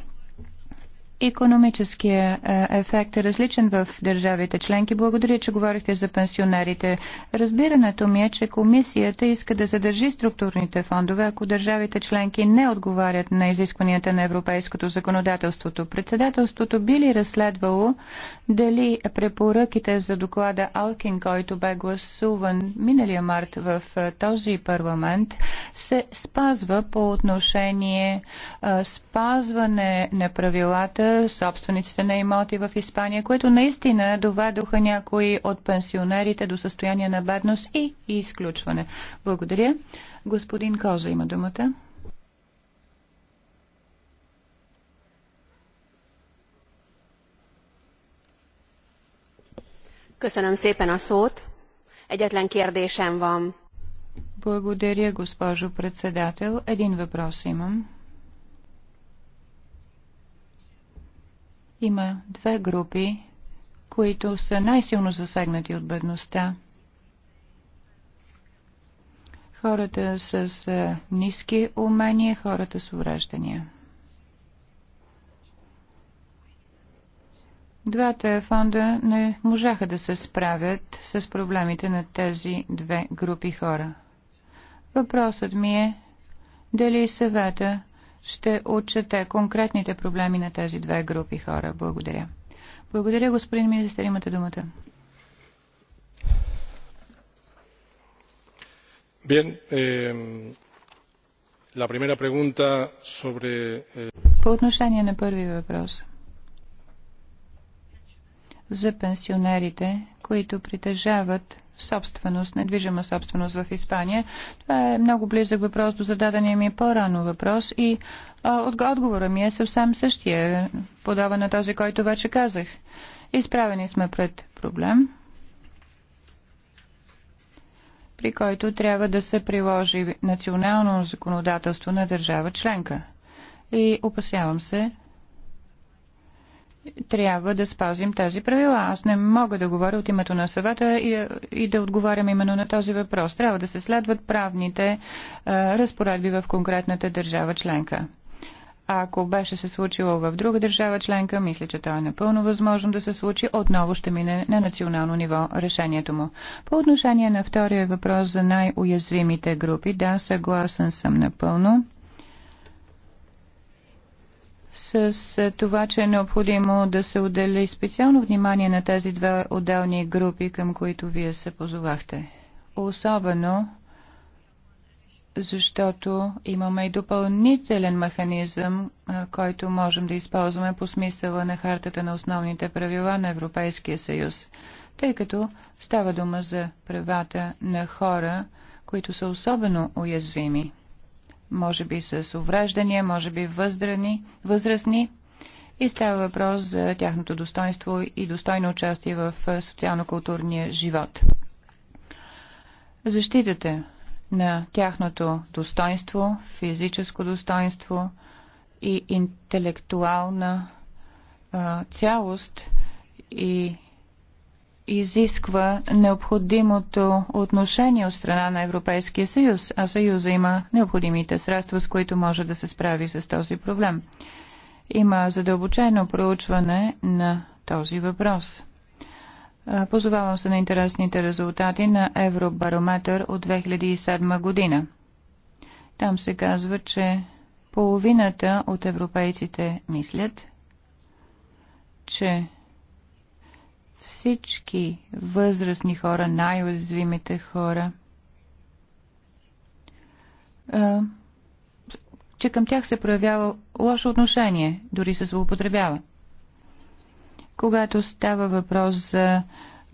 Економическия е, ефект е различен в държавите членки. Благодаря, че говорихте за пенсионерите. Разбирането ми е, че комисията иска да задържи структурните фондове, ако държавите членки не отговарят на изискванията на европейското законодателството. Председателството би ли разследвало дали препоръките за доклада Алкин, който бе гласуван миналия март в е, този парламент, се спазва по отношение е, спазване на правилата собствениците на имоти в Испания, което наистина доведоха някои от пенсионерите до състояние на бедност и изключване. Благодаря. Господин Коза има думата. Köszönöm szépen a szót. Egyetlen kérdésem van. Благодаря, госпожо председател. Един въпрос имам. Има две групи, които са най-силно засегнати от бедността. Хората с е, ниски умения, хората с увреждания. Двата фонда не можаха да се справят с проблемите на тези две групи хора. Въпросът ми е дали съвета ще отчете конкретните проблеми на тези две групи хора. Благодаря. Благодаря, господин министър. Имате думата. Bien, eh, la primera pregunta sobre... Eh... По отношение на първи въпрос за пенсионерите, които притежават собственост, недвижима собственост в Испания. Това е много близък въпрос до зададения ми по-рано въпрос и отговора ми е съвсем същия, подобен на този, който вече казах. Изправени сме пред проблем, при който трябва да се приложи национално законодателство на държава членка. И опасявам се, трябва да спазим тези правила. Аз не мога да говоря от името на съвета и, и да отговарям именно на този въпрос. Трябва да се следват правните а, е, разпоредби в конкретната държава членка. А ако беше се случило в друга държава членка, мисля, че то е напълно възможно да се случи. Отново ще мине на национално ниво решението му. По отношение на втория въпрос за най-уязвимите групи, да, съгласен съм напълно с е, това, че е необходимо да се отдели специално внимание на тези две отделни групи, към които вие се позовахте. Особено защото имаме и допълнителен механизъм, е, който можем да използваме по смисъла на хартата на основните правила на Европейския съюз, тъй като става дума за правата на хора, които са особено уязвими може би с увреждания, може би въздрани, възрастни. И става въпрос за тяхното достоинство и достойно участие в социално-културния живот. Защитата на тяхното достоинство, физическо достоинство и интелектуална а, цялост и изисква необходимото отношение от страна на Европейския съюз, а съюза има необходимите средства, с които може да се справи с този проблем. Има задълбочено проучване на този въпрос. Позовавам се на интересните резултати на Евробарометър от 2007 година. Там се казва, че половината от европейците мислят, че всички възрастни хора, най-уязвимите хора, че към тях се проявява лошо отношение, дори се злоупотребява. Когато става въпрос за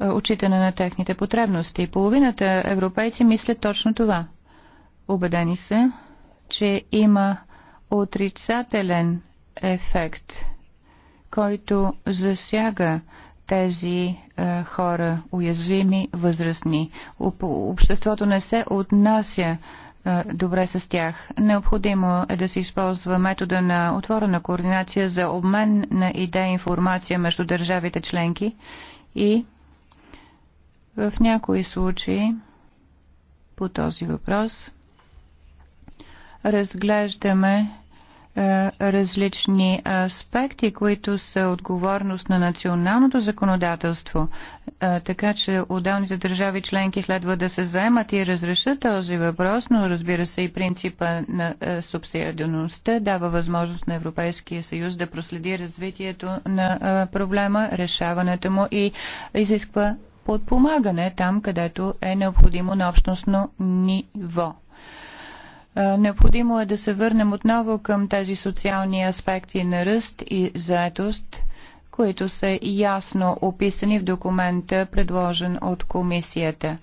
отчитане на техните потребности, половината европейци мислят точно това. Обедени са, че има отрицателен ефект, който засяга тези е, хора, уязвими, възрастни. Обществото не се отнася е, добре с тях. Необходимо е да се използва метода на отворена координация за обмен на идеи и информация между държавите членки и в някои случаи по този въпрос разглеждаме е, различни аспекти, които са отговорност на националното законодателство, е, така че отделните държави членки следва да се заемат и разрешат този въпрос, но разбира се и принципа на е, субсидиарността дава възможност на Европейския съюз да проследи развитието на проблема, решаването му и изисква подпомагане там, където е необходимо на общностно ниво. Необходимо е да се върнем отново към тези социални аспекти на ръст и заетост, които са ясно описани в документа, предложен от комисията.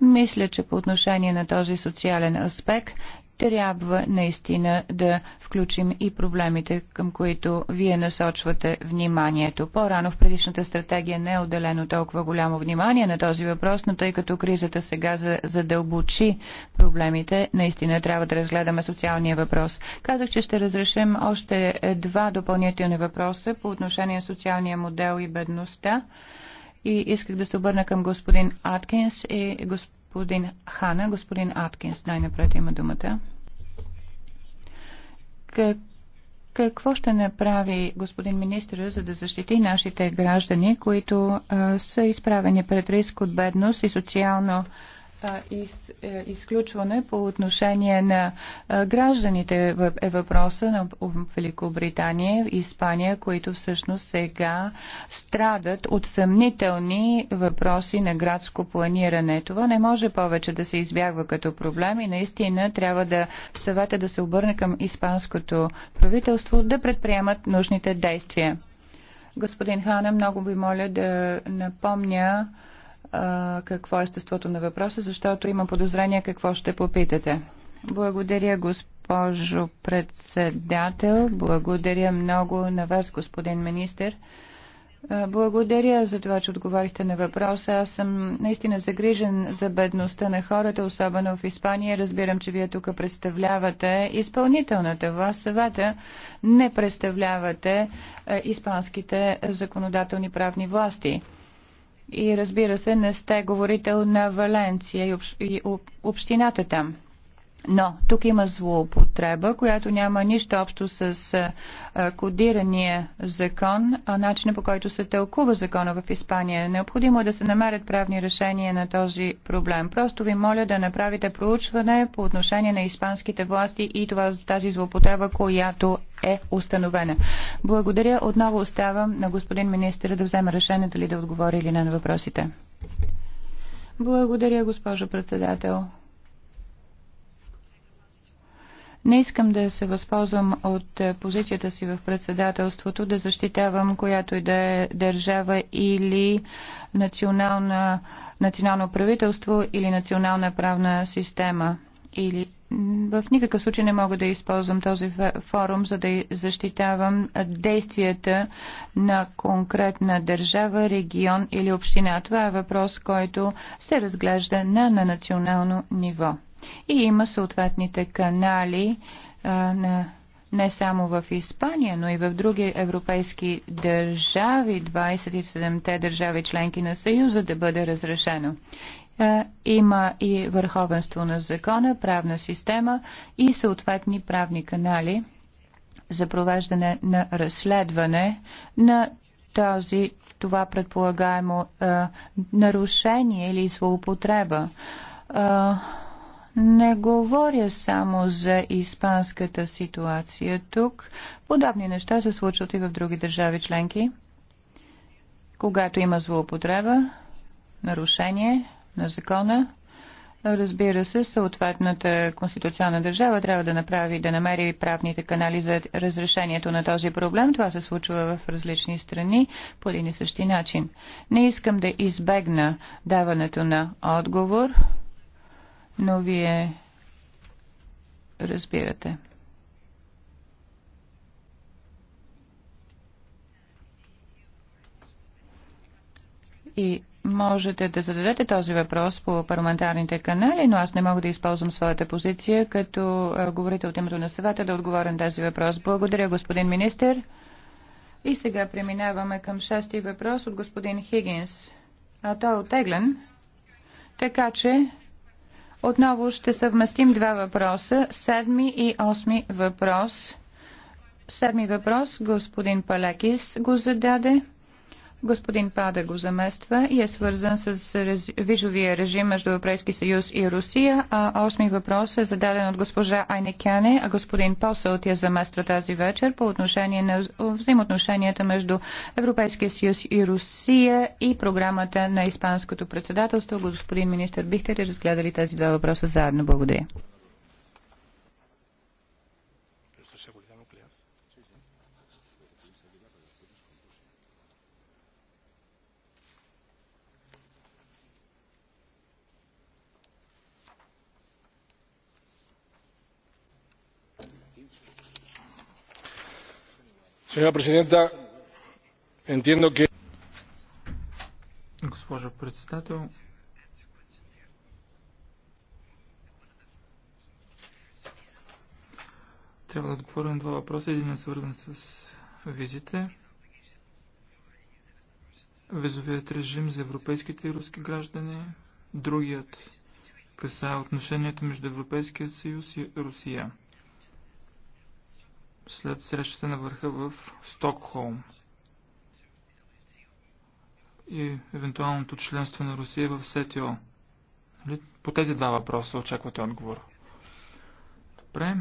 Мисля, че по отношение на този социален аспект трябва наистина да включим и проблемите, към които вие насочвате вниманието. По-рано в предишната стратегия не е отделено толкова голямо внимание на този въпрос, но тъй като кризата сега задълбочи проблемите, наистина трябва да разгледаме социалния въпрос. Казах, че ще разрешим още два допълнителни въпроса по отношение на социалния модел и бедността. И исках да се обърна към господин Аткинс и господин господин Хана, господин Аткинс, най-напред има думата. Как какво ще направи господин министр, за да защити нашите граждани, които а, са изправени пред риск от бедност и социално из, е, изключване по отношение на гражданите е въпроса на Великобритания и Испания, които всъщност сега страдат от съмнителни въпроси на градско планиране. Това не може повече да се избягва като проблем и наистина трябва да в съвета да се обърне към испанското правителство да предприемат нужните действия. Господин Хана, много ви моля да напомня какво е естеството на въпроса, защото има подозрение какво ще попитате. Благодаря, госпожо председател. Благодаря много на вас, господин министр. Благодаря за това, че отговорихте на въпроса. Аз съм наистина загрижен за бедността на хората, особено в Испания. Разбирам, че вие тук представлявате изпълнителната власт. Съвета не представлявате испанските законодателни правни власти и разбира се не сте говорител на Валенсия и общината там. Но тук има злоупотреба, която няма нищо общо с кодирания закон, а начина по който се тълкува закона в Испания. Необходимо е да се намерят правни решения на този проблем. Просто ви моля да направите проучване по отношение на испанските власти и това, за тази злоупотреба, която е установена. Благодаря. Отново оставам на господин министър да вземе решение дали да отговори или не на въпросите. Благодаря, госпожо председател. Не искам да се възползвам от е, позицията си в председателството, да защитавам която и да е държава или национална, национално правителство или национална правна система. Или в никакъв случай не мога да използвам този форум, за да защитавам е, действията на конкретна държава, регион или община. Това е въпрос, който се разглежда на, на национално ниво и има съответните канали а, на не само в Испания, но и в други европейски държави, 27-те държави членки на Съюза, да бъде разрешено. Има и върховенство на закона, правна система и съответни правни канали за провеждане на разследване на този, това предполагаемо нарушение или злоупотреба не говоря само за испанската ситуация тук. Подобни неща се случват и в други държави членки. Когато има злоупотреба, нарушение на закона, Разбира се, съответната конституционна държава трябва да направи, да намери правните канали за разрешението на този проблем. Това се случва в различни страни по един и същи начин. Не искам да избегна даването на отговор но вие разбирате. И можете да зададете този въпрос по парламентарните канали, но аз не мога да използвам своята позиция, като говорите от името на съвета да отговоря на тази въпрос. Благодаря, господин министр. И сега преминаваме към шести въпрос от господин Хигинс. А той е отеглен, така че отново ще съвместим два въпроса. Седми и осми въпрос. Седми въпрос господин Палекис го зададе. Господин Пада го замества и е свързан с визовия режим между Европейски съюз и Русия, а осми въпрос е зададен от госпожа Айнекяне, а господин Посълт я замества тази вечер по отношение на взаимоотношенията между Европейския съюз и Русия и програмата на Испанското председателство. Господин министр, бихте ли разгледали тези два въпроса заедно? Благодаря. Señora presidenta, entiendo que. Госпожо председател, трябва да отговоря на два въпроса. Един е свързан с визите. Визовият режим за европейските и руски граждани. Другият каса отношенията между Европейския съюз и Русия след срещата на върха в Стокхолм и евентуалното членство на Русия в СТО? Нали? По тези два въпроса очаквате отговор. Добре.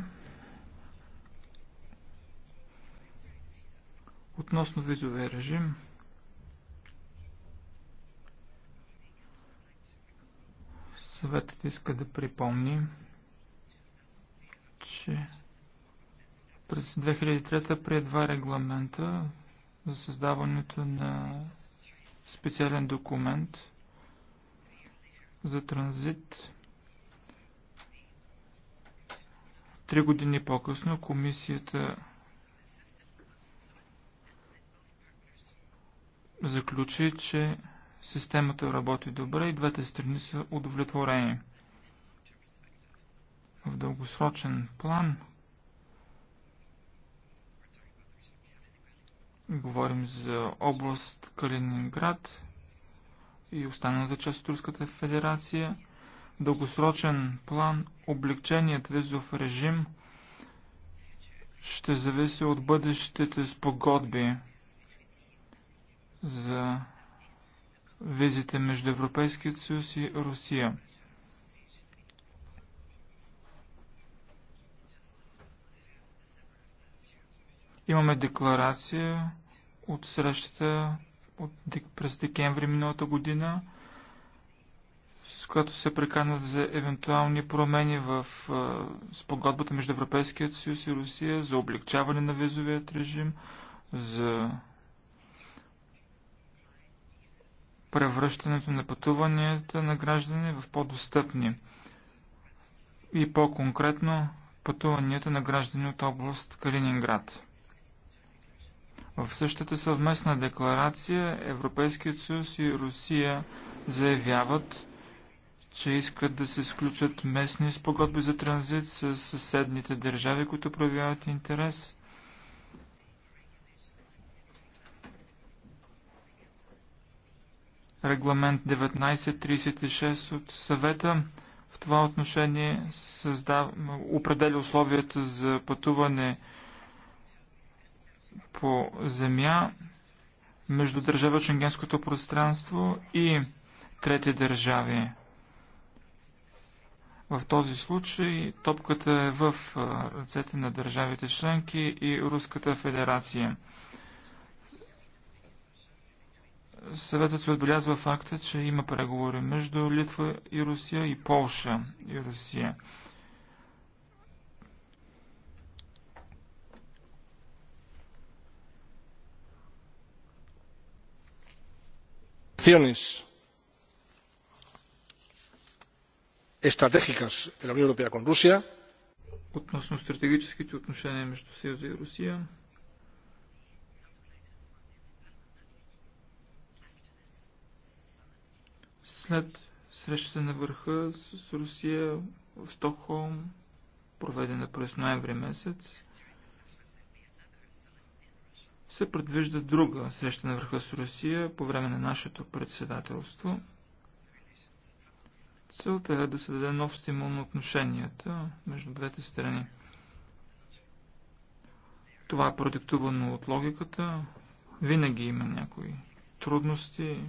Относно визовия режим, съветът иска да припомни, че през 2003 прие два регламента за създаването на специален документ за транзит. Три години по-късно комисията заключи, че системата работи добре и двете страни са удовлетворени. В дългосрочен план – Говорим за област Калининград и останалата част от Турската федерация. Дългосрочен план, облегченият визов режим ще зависи от бъдещите спогодби за визите между Европейският съюз и Русия. Имаме декларация от срещата от, през декември миналата година, с която се преканат за евентуални промени в спогодбата между Европейският съюз и Русия, за облегчаване на визовият режим, за превръщането на пътуванията на граждани в по-достъпни и по-конкретно пътуванията на граждани от област Калининград. В същата съвместна декларация Европейският съюз и Русия заявяват, че искат да се сключат местни спогодби за транзит с съседните държави, които проявяват интерес. Регламент 1936 от съвета в това отношение създав... определя условията за пътуване по земя между държава Шенгенското пространство и трети държави. В този случай топката е в ръцете на държавите членки и Руската федерация. Съветът се отбелязва факта, че има преговори между Литва и Русия и Полша и Русия acciones estratégicas de la Unión Europea con Rusia. Относно стратегическите отношения между Съюза и Русия. След срещата на върха с Русия в Стокхолм, проведена през ноември месец, се предвижда друга среща на върха с Русия по време на нашето председателство. Целта е да се даде нов стимул на отношенията между двете страни. Това е продиктувано от логиката. Винаги има някои трудности.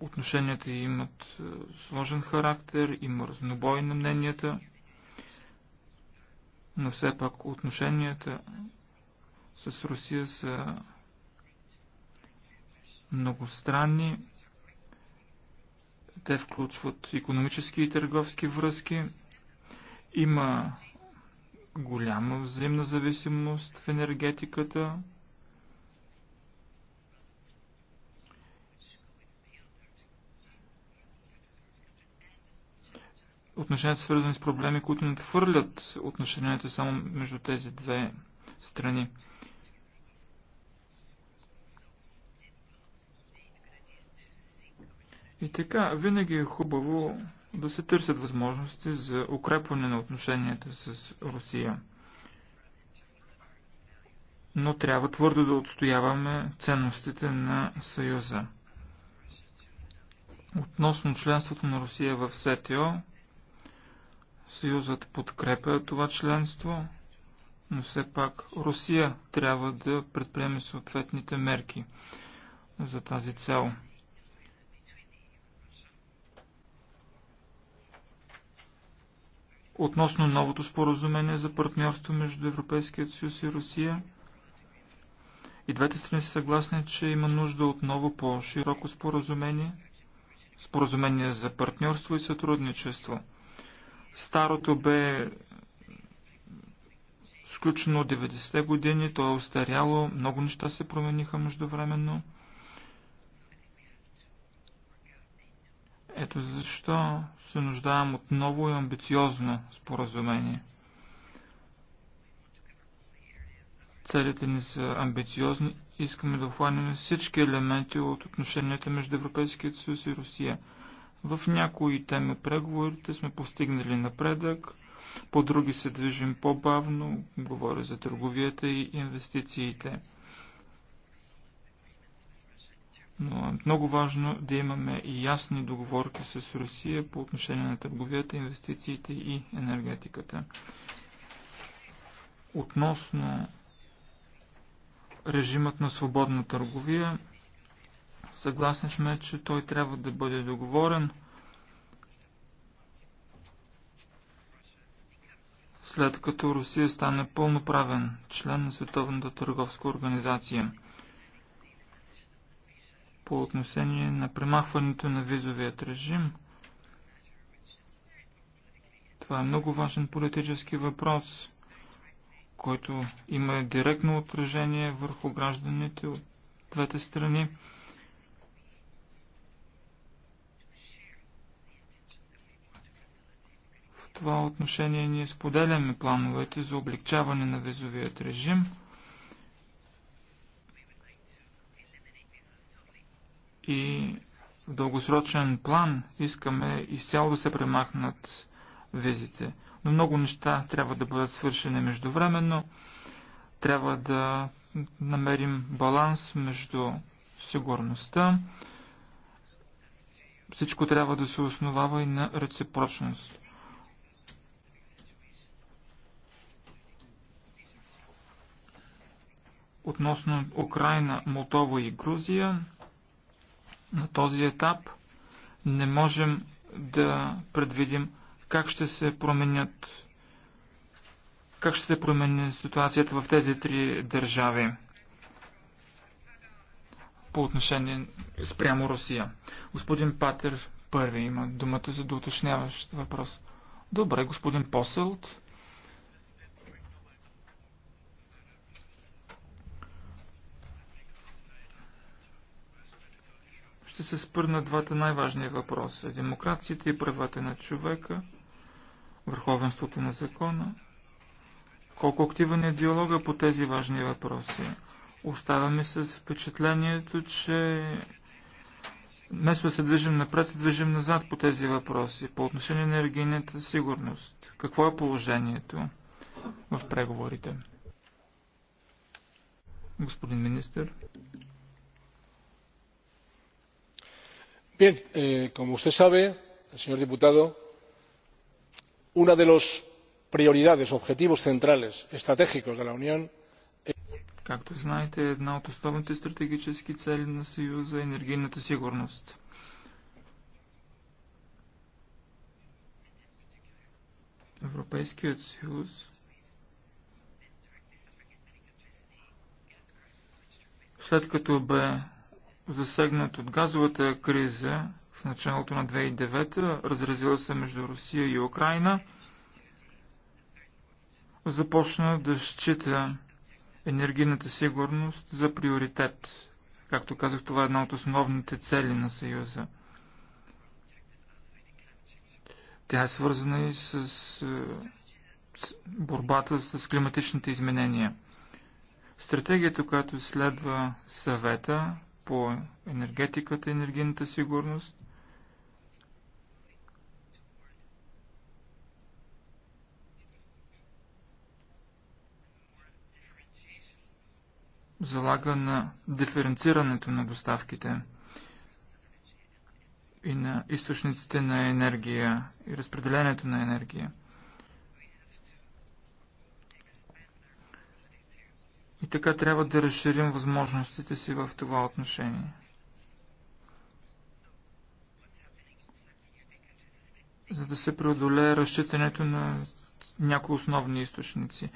Отношенията имат е, сложен характер, има разнобой на мненията – но все пак отношенията с Русия са многостранни. Те включват економически и търговски връзки. Има голяма взаимна зависимост в енергетиката. отношенията свързани с проблеми, които не твърлят отношенията само между тези две страни. И така, винаги е хубаво да се търсят възможности за укрепване на отношенията с Русия. Но трябва твърдо да отстояваме ценностите на Съюза. Относно членството на Русия в СТО, Съюзът подкрепя това членство, но все пак Русия трябва да предприеме съответните мерки за тази цел. Относно новото споразумение за партньорство между Европейският съюз и Русия, и двете страни са съгласни, че има нужда от ново по-широко споразумение, споразумение за партньорство и сътрудничество – Старото бе сключено 90-те години, то е устаряло, много неща се промениха междувременно. Ето защо се нуждаем от ново и амбициозно споразумение. Целите ни са амбициозни. Искаме да хванем всички елементи от отношенията между Европейския съюз и Русия – в някои теми преговорите сме постигнали напредък, по други се движим по-бавно, говоря за търговията и инвестициите. Но е много важно да имаме и ясни договорки с Русия по отношение на търговията, инвестициите и енергетиката. Относно режимът на свободна търговия, Съгласни сме, че той трябва да бъде договорен. след като Русия стане пълноправен член на Световната търговска организация. По отношение на премахването на визовият режим, това е много важен политически въпрос, който има директно отражение върху гражданите от двете страни. това отношение ние споделяме плановете за облегчаване на визовият режим и в дългосрочен план искаме изцяло да се премахнат визите. Но много неща трябва да бъдат свършени междувременно. Трябва да намерим баланс между сигурността. Всичко трябва да се основава и на реципрочност. относно Украина, Молдова и Грузия. На този етап не можем да предвидим как ще се променят как ще се промени ситуацията в тези три държави по отношение спрямо Русия. Господин Патер първи има думата за доуточняващ въпрос. Добре, господин Поселт. ще се спър на двата най-важни въпроса – демокрацията и правата на човека, върховенството на закона. Колко активен е диалога по тези важни въпроси? Оставаме с впечатлението, че вместо се движим напред, се движим назад по тези въпроси. По отношение на енергийната сигурност, какво е положението в преговорите? Господин министър. Eh, como usted sabe señor diputado una de las prioridades objetivos centrales estratégicos de la unión Както знаете, една от основните стратегически цели на Съюза е енергийната сигурност. Европейският съюз след като бе засегнат от газовата криза в началото на 2009, разразила се между Русия и Украина, започна да счита енергийната сигурност за приоритет. Както казах, това е една от основните цели на Съюза. Тя е свързана и с, е, с борбата с климатичните изменения. Стратегията, която следва съвета, по енергетиката и енергийната сигурност. Залага на диференцирането на доставките и на източниците на енергия и разпределението на енергия. И така трябва да разширим възможностите си в това отношение. За да се преодолее разчитането на някои основни източници.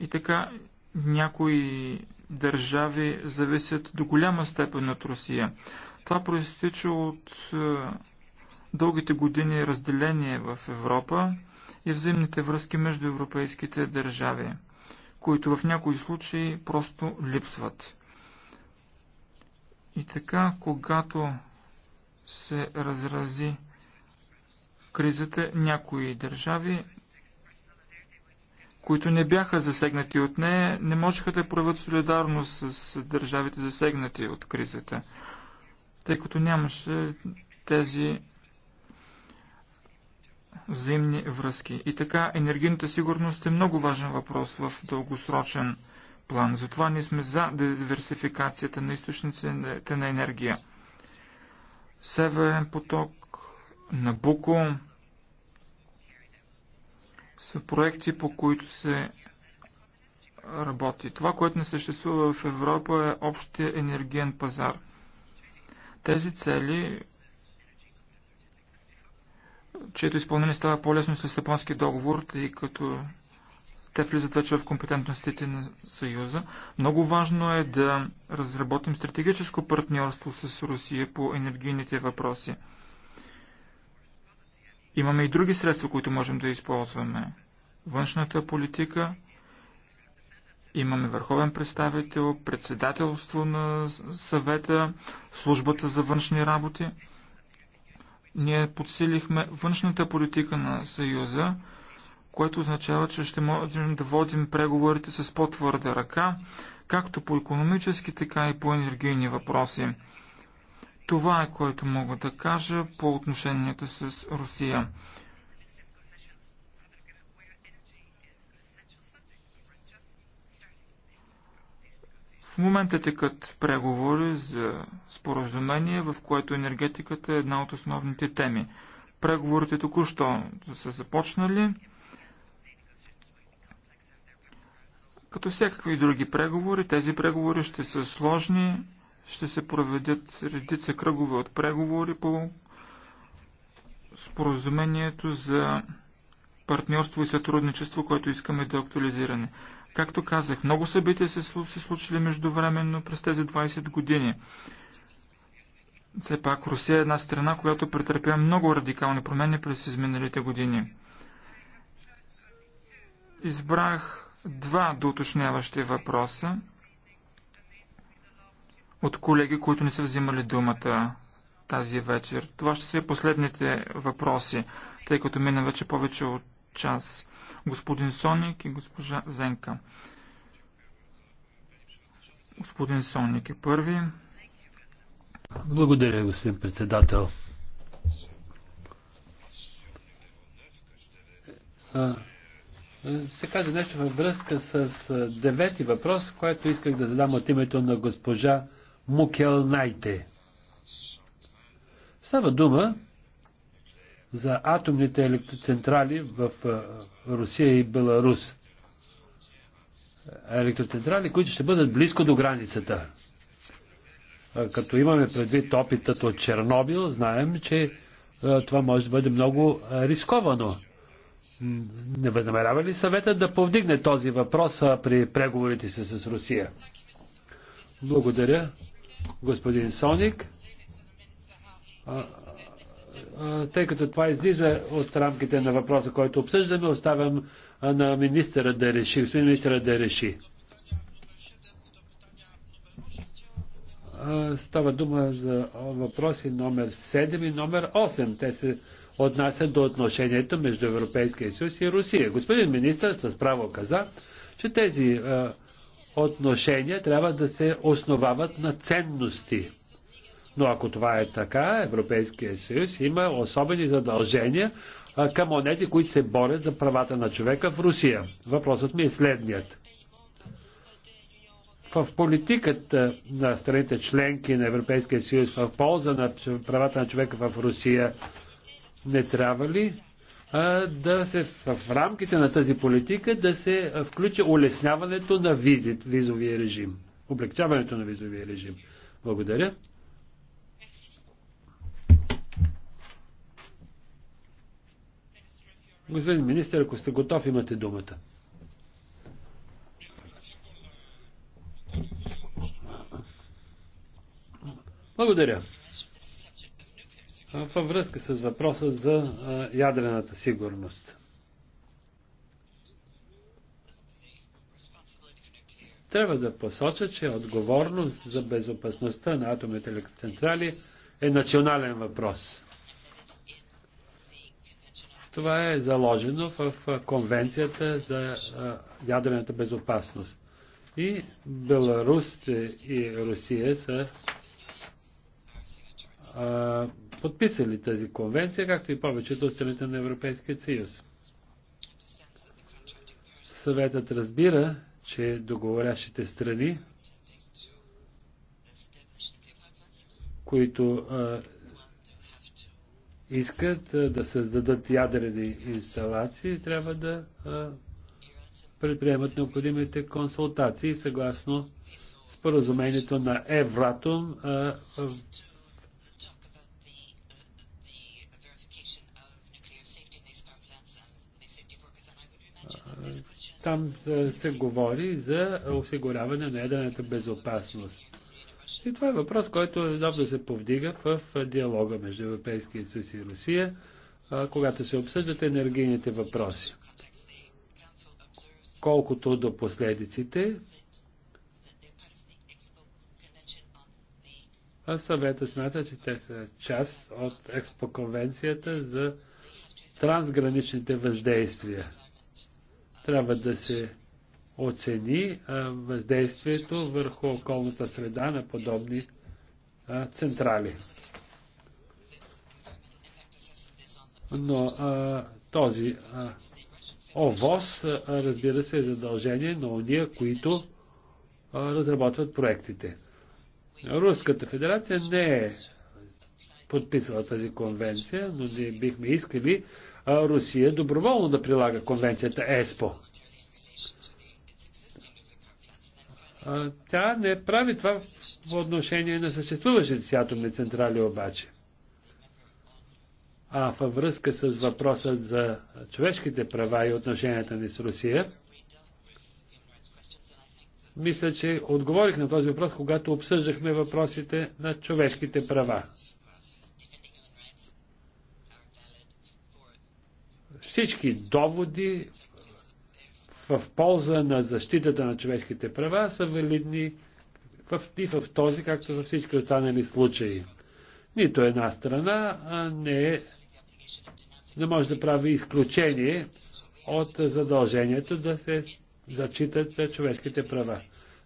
И така някои държави зависят до голяма степен от Русия. Това проистича от е, дългите години разделение в Европа и взаимните връзки между европейските държави които в някои случаи просто липсват. И така, когато се разрази кризата, някои държави, които не бяха засегнати от нея, не можеха да проявят солидарност с държавите засегнати от кризата, тъй като нямаше тези взаимни връзки. И така, енергийната сигурност е много важен въпрос в дългосрочен план. Затова ние сме за диверсификацията на източниците на енергия. Северен поток, Набуко са проекти, по които се работи. Това, което не съществува в Европа е общия енергиен пазар. Тези цели чието изпълнение става по-лесно с японски договор, тъй като те влизат вече в компетентностите на Съюза. Много важно е да разработим стратегическо партньорство с Русия по енергийните въпроси. Имаме и други средства, които можем да използваме. Външната политика, имаме върховен представител, председателство на съвета, службата за външни работи. Ние подсилихме външната политика на Съюза, което означава, че ще можем да водим преговорите с по-твърда ръка, както по економически, така и по енергийни въпроси. Това е което мога да кажа по отношенията с Русия. момента текат преговори за споразумение, в което енергетиката е една от основните теми. Преговорите току-що са започнали. Като всякакви други преговори, тези преговори ще са сложни, ще се проведят редица кръгове от преговори по споразумението за партньорство и сътрудничество, което искаме да актуализираме. Както казах, много събития се, се случили междувременно през тези 20 години. Все пак Русия е една страна, която претърпя много радикални промени през изминалите години. Избрах два доуточняващи въпроса от колеги, които не са взимали думата тази вечер. Това ще са и последните въпроси, тъй като мина вече повече от час господин Соник и госпожа Зенка. Господин Соник е първи. Благодаря, господин председател. Се каза нещо във връзка с девети въпрос, който исках да задам от името на госпожа Мукел Найте. Става дума за атомните електроцентрали в Русия и Беларус. Електроцентрали, които ще бъдат близко до границата. Като имаме предвид опитът от Чернобил, знаем, че това може да бъде много рисковано. Не възнамерява ли съветът да повдигне този въпрос при преговорите си с Русия? Благодаря, господин Соник. Тъй като това излиза от рамките на въпроса, който обсъждаме, оставям на министъра да реши, господин министъра да реши. Става дума за въпроси номер 7 и номер 8. Те се отнасят до отношението между Европейския съюз и Русия. Господин министър с право каза, че тези отношения трябва да се основават на ценности. Но ако това е така, Европейския съюз има особени задължения към онези, които се борят за правата на човека в Русия. Въпросът ми е следният. В политиката на страните членки на Европейския съюз в полза на правата на човека в Русия не трябва ли да се в рамките на тази политика да се включи улесняването на визит, визовия режим, облегчаването на визовия режим? Благодаря. Господин министр, ако сте готов, имате думата. Благодаря. Във връзка с въпроса за ядрената сигурност. Трябва да посоча, че отговорност за безопасността на атомните електроцентрали е национален въпрос. Това е заложено в Конвенцията за ядрената безопасност. И Беларус и Русия са подписали тази конвенция, както и повечето от страните на Европейския съюз. Съветът разбира, че договорящите страни, които а, искат да създадат ядрени инсталации, трябва да предприемат необходимите консултации съгласно споразумението на Евратум Там се говори за осигуряване на ядрената безопасност. И това е въпрос, който е да се повдига в диалога между Европейския съюз и Русия, когато се обсъждат енергийните въпроси. Колкото до последиците, съвета смята, че те са част от експоконвенцията за трансграничните въздействия. Трябва да се оцени въздействието върху околната среда на подобни централи. Но а, този а, ОВОз, а, разбира се, е задължение на уния, които а, разработват проектите. Руската федерация не е подписала тази конвенция, но ние бихме искали а, Русия доброволно да прилага конвенцията ЕСПО. Тя не прави това по отношение на съществуващите си атомни централи обаче. А във връзка с въпроса за човешките права и отношенията ни с Русия, мисля, че отговорих на този въпрос, когато обсъждахме въпросите на човешките права. Всички доводи в полза на защитата на човешките права са валидни в, и в този, както във всички останали случаи. Нито една страна не, е, не може да прави изключение от задължението да се зачитат човешките права.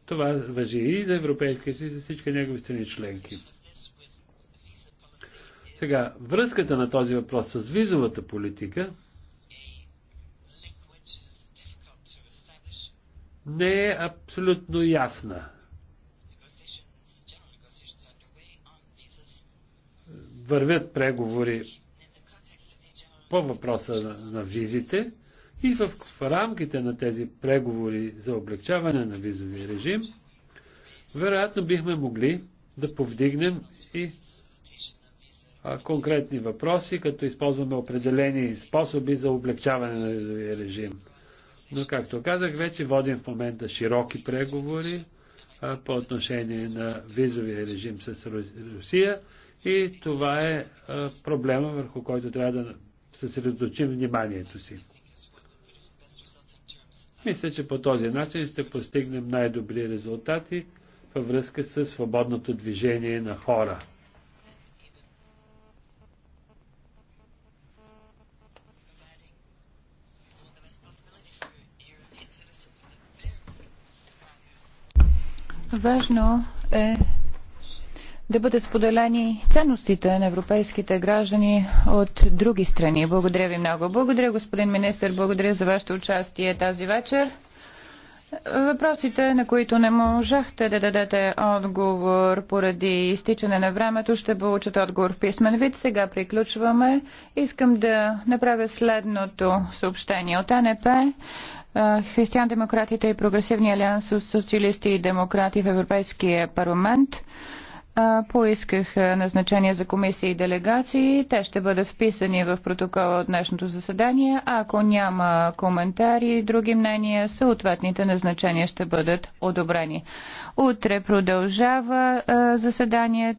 Това въжи и за Европейския съюз и за всички негови страни членки. Сега, връзката на този въпрос с визовата политика – не е абсолютно ясна. Вървят преговори по въпроса на, на визите и в, в рамките на тези преговори за облегчаване на визовия режим, вероятно бихме могли да повдигнем и а, конкретни въпроси, като използваме определени способи за облегчаване на визовия режим. Но, както казах, вече водим в момента широки преговори а, по отношение на визовия режим с Русия и това е а, проблема, върху който трябва да съсредоточим вниманието си. Мисля, че по този начин ще постигнем най-добри резултати във връзка с свободното движение на хора. Важно е да бъдат споделени ценностите на европейските граждани от други страни. Благодаря ви много. Благодаря, господин министр. Благодаря за вашето участие тази вечер. Въпросите, на които не можахте да дадете отговор поради изтичане на времето, ще получат отговор в писмен вид. Сега приключваме. Искам да направя следното съобщение от АНП християн-демократите и прогресивния алианс от социалисти и демократи в Европейския парламент поисках назначение за комисии и делегации. Те ще бъдат вписани в протокола от днешното заседание. ако няма коментари и други мнения, съответните назначения ще бъдат одобрени. Утре продължава заседанието.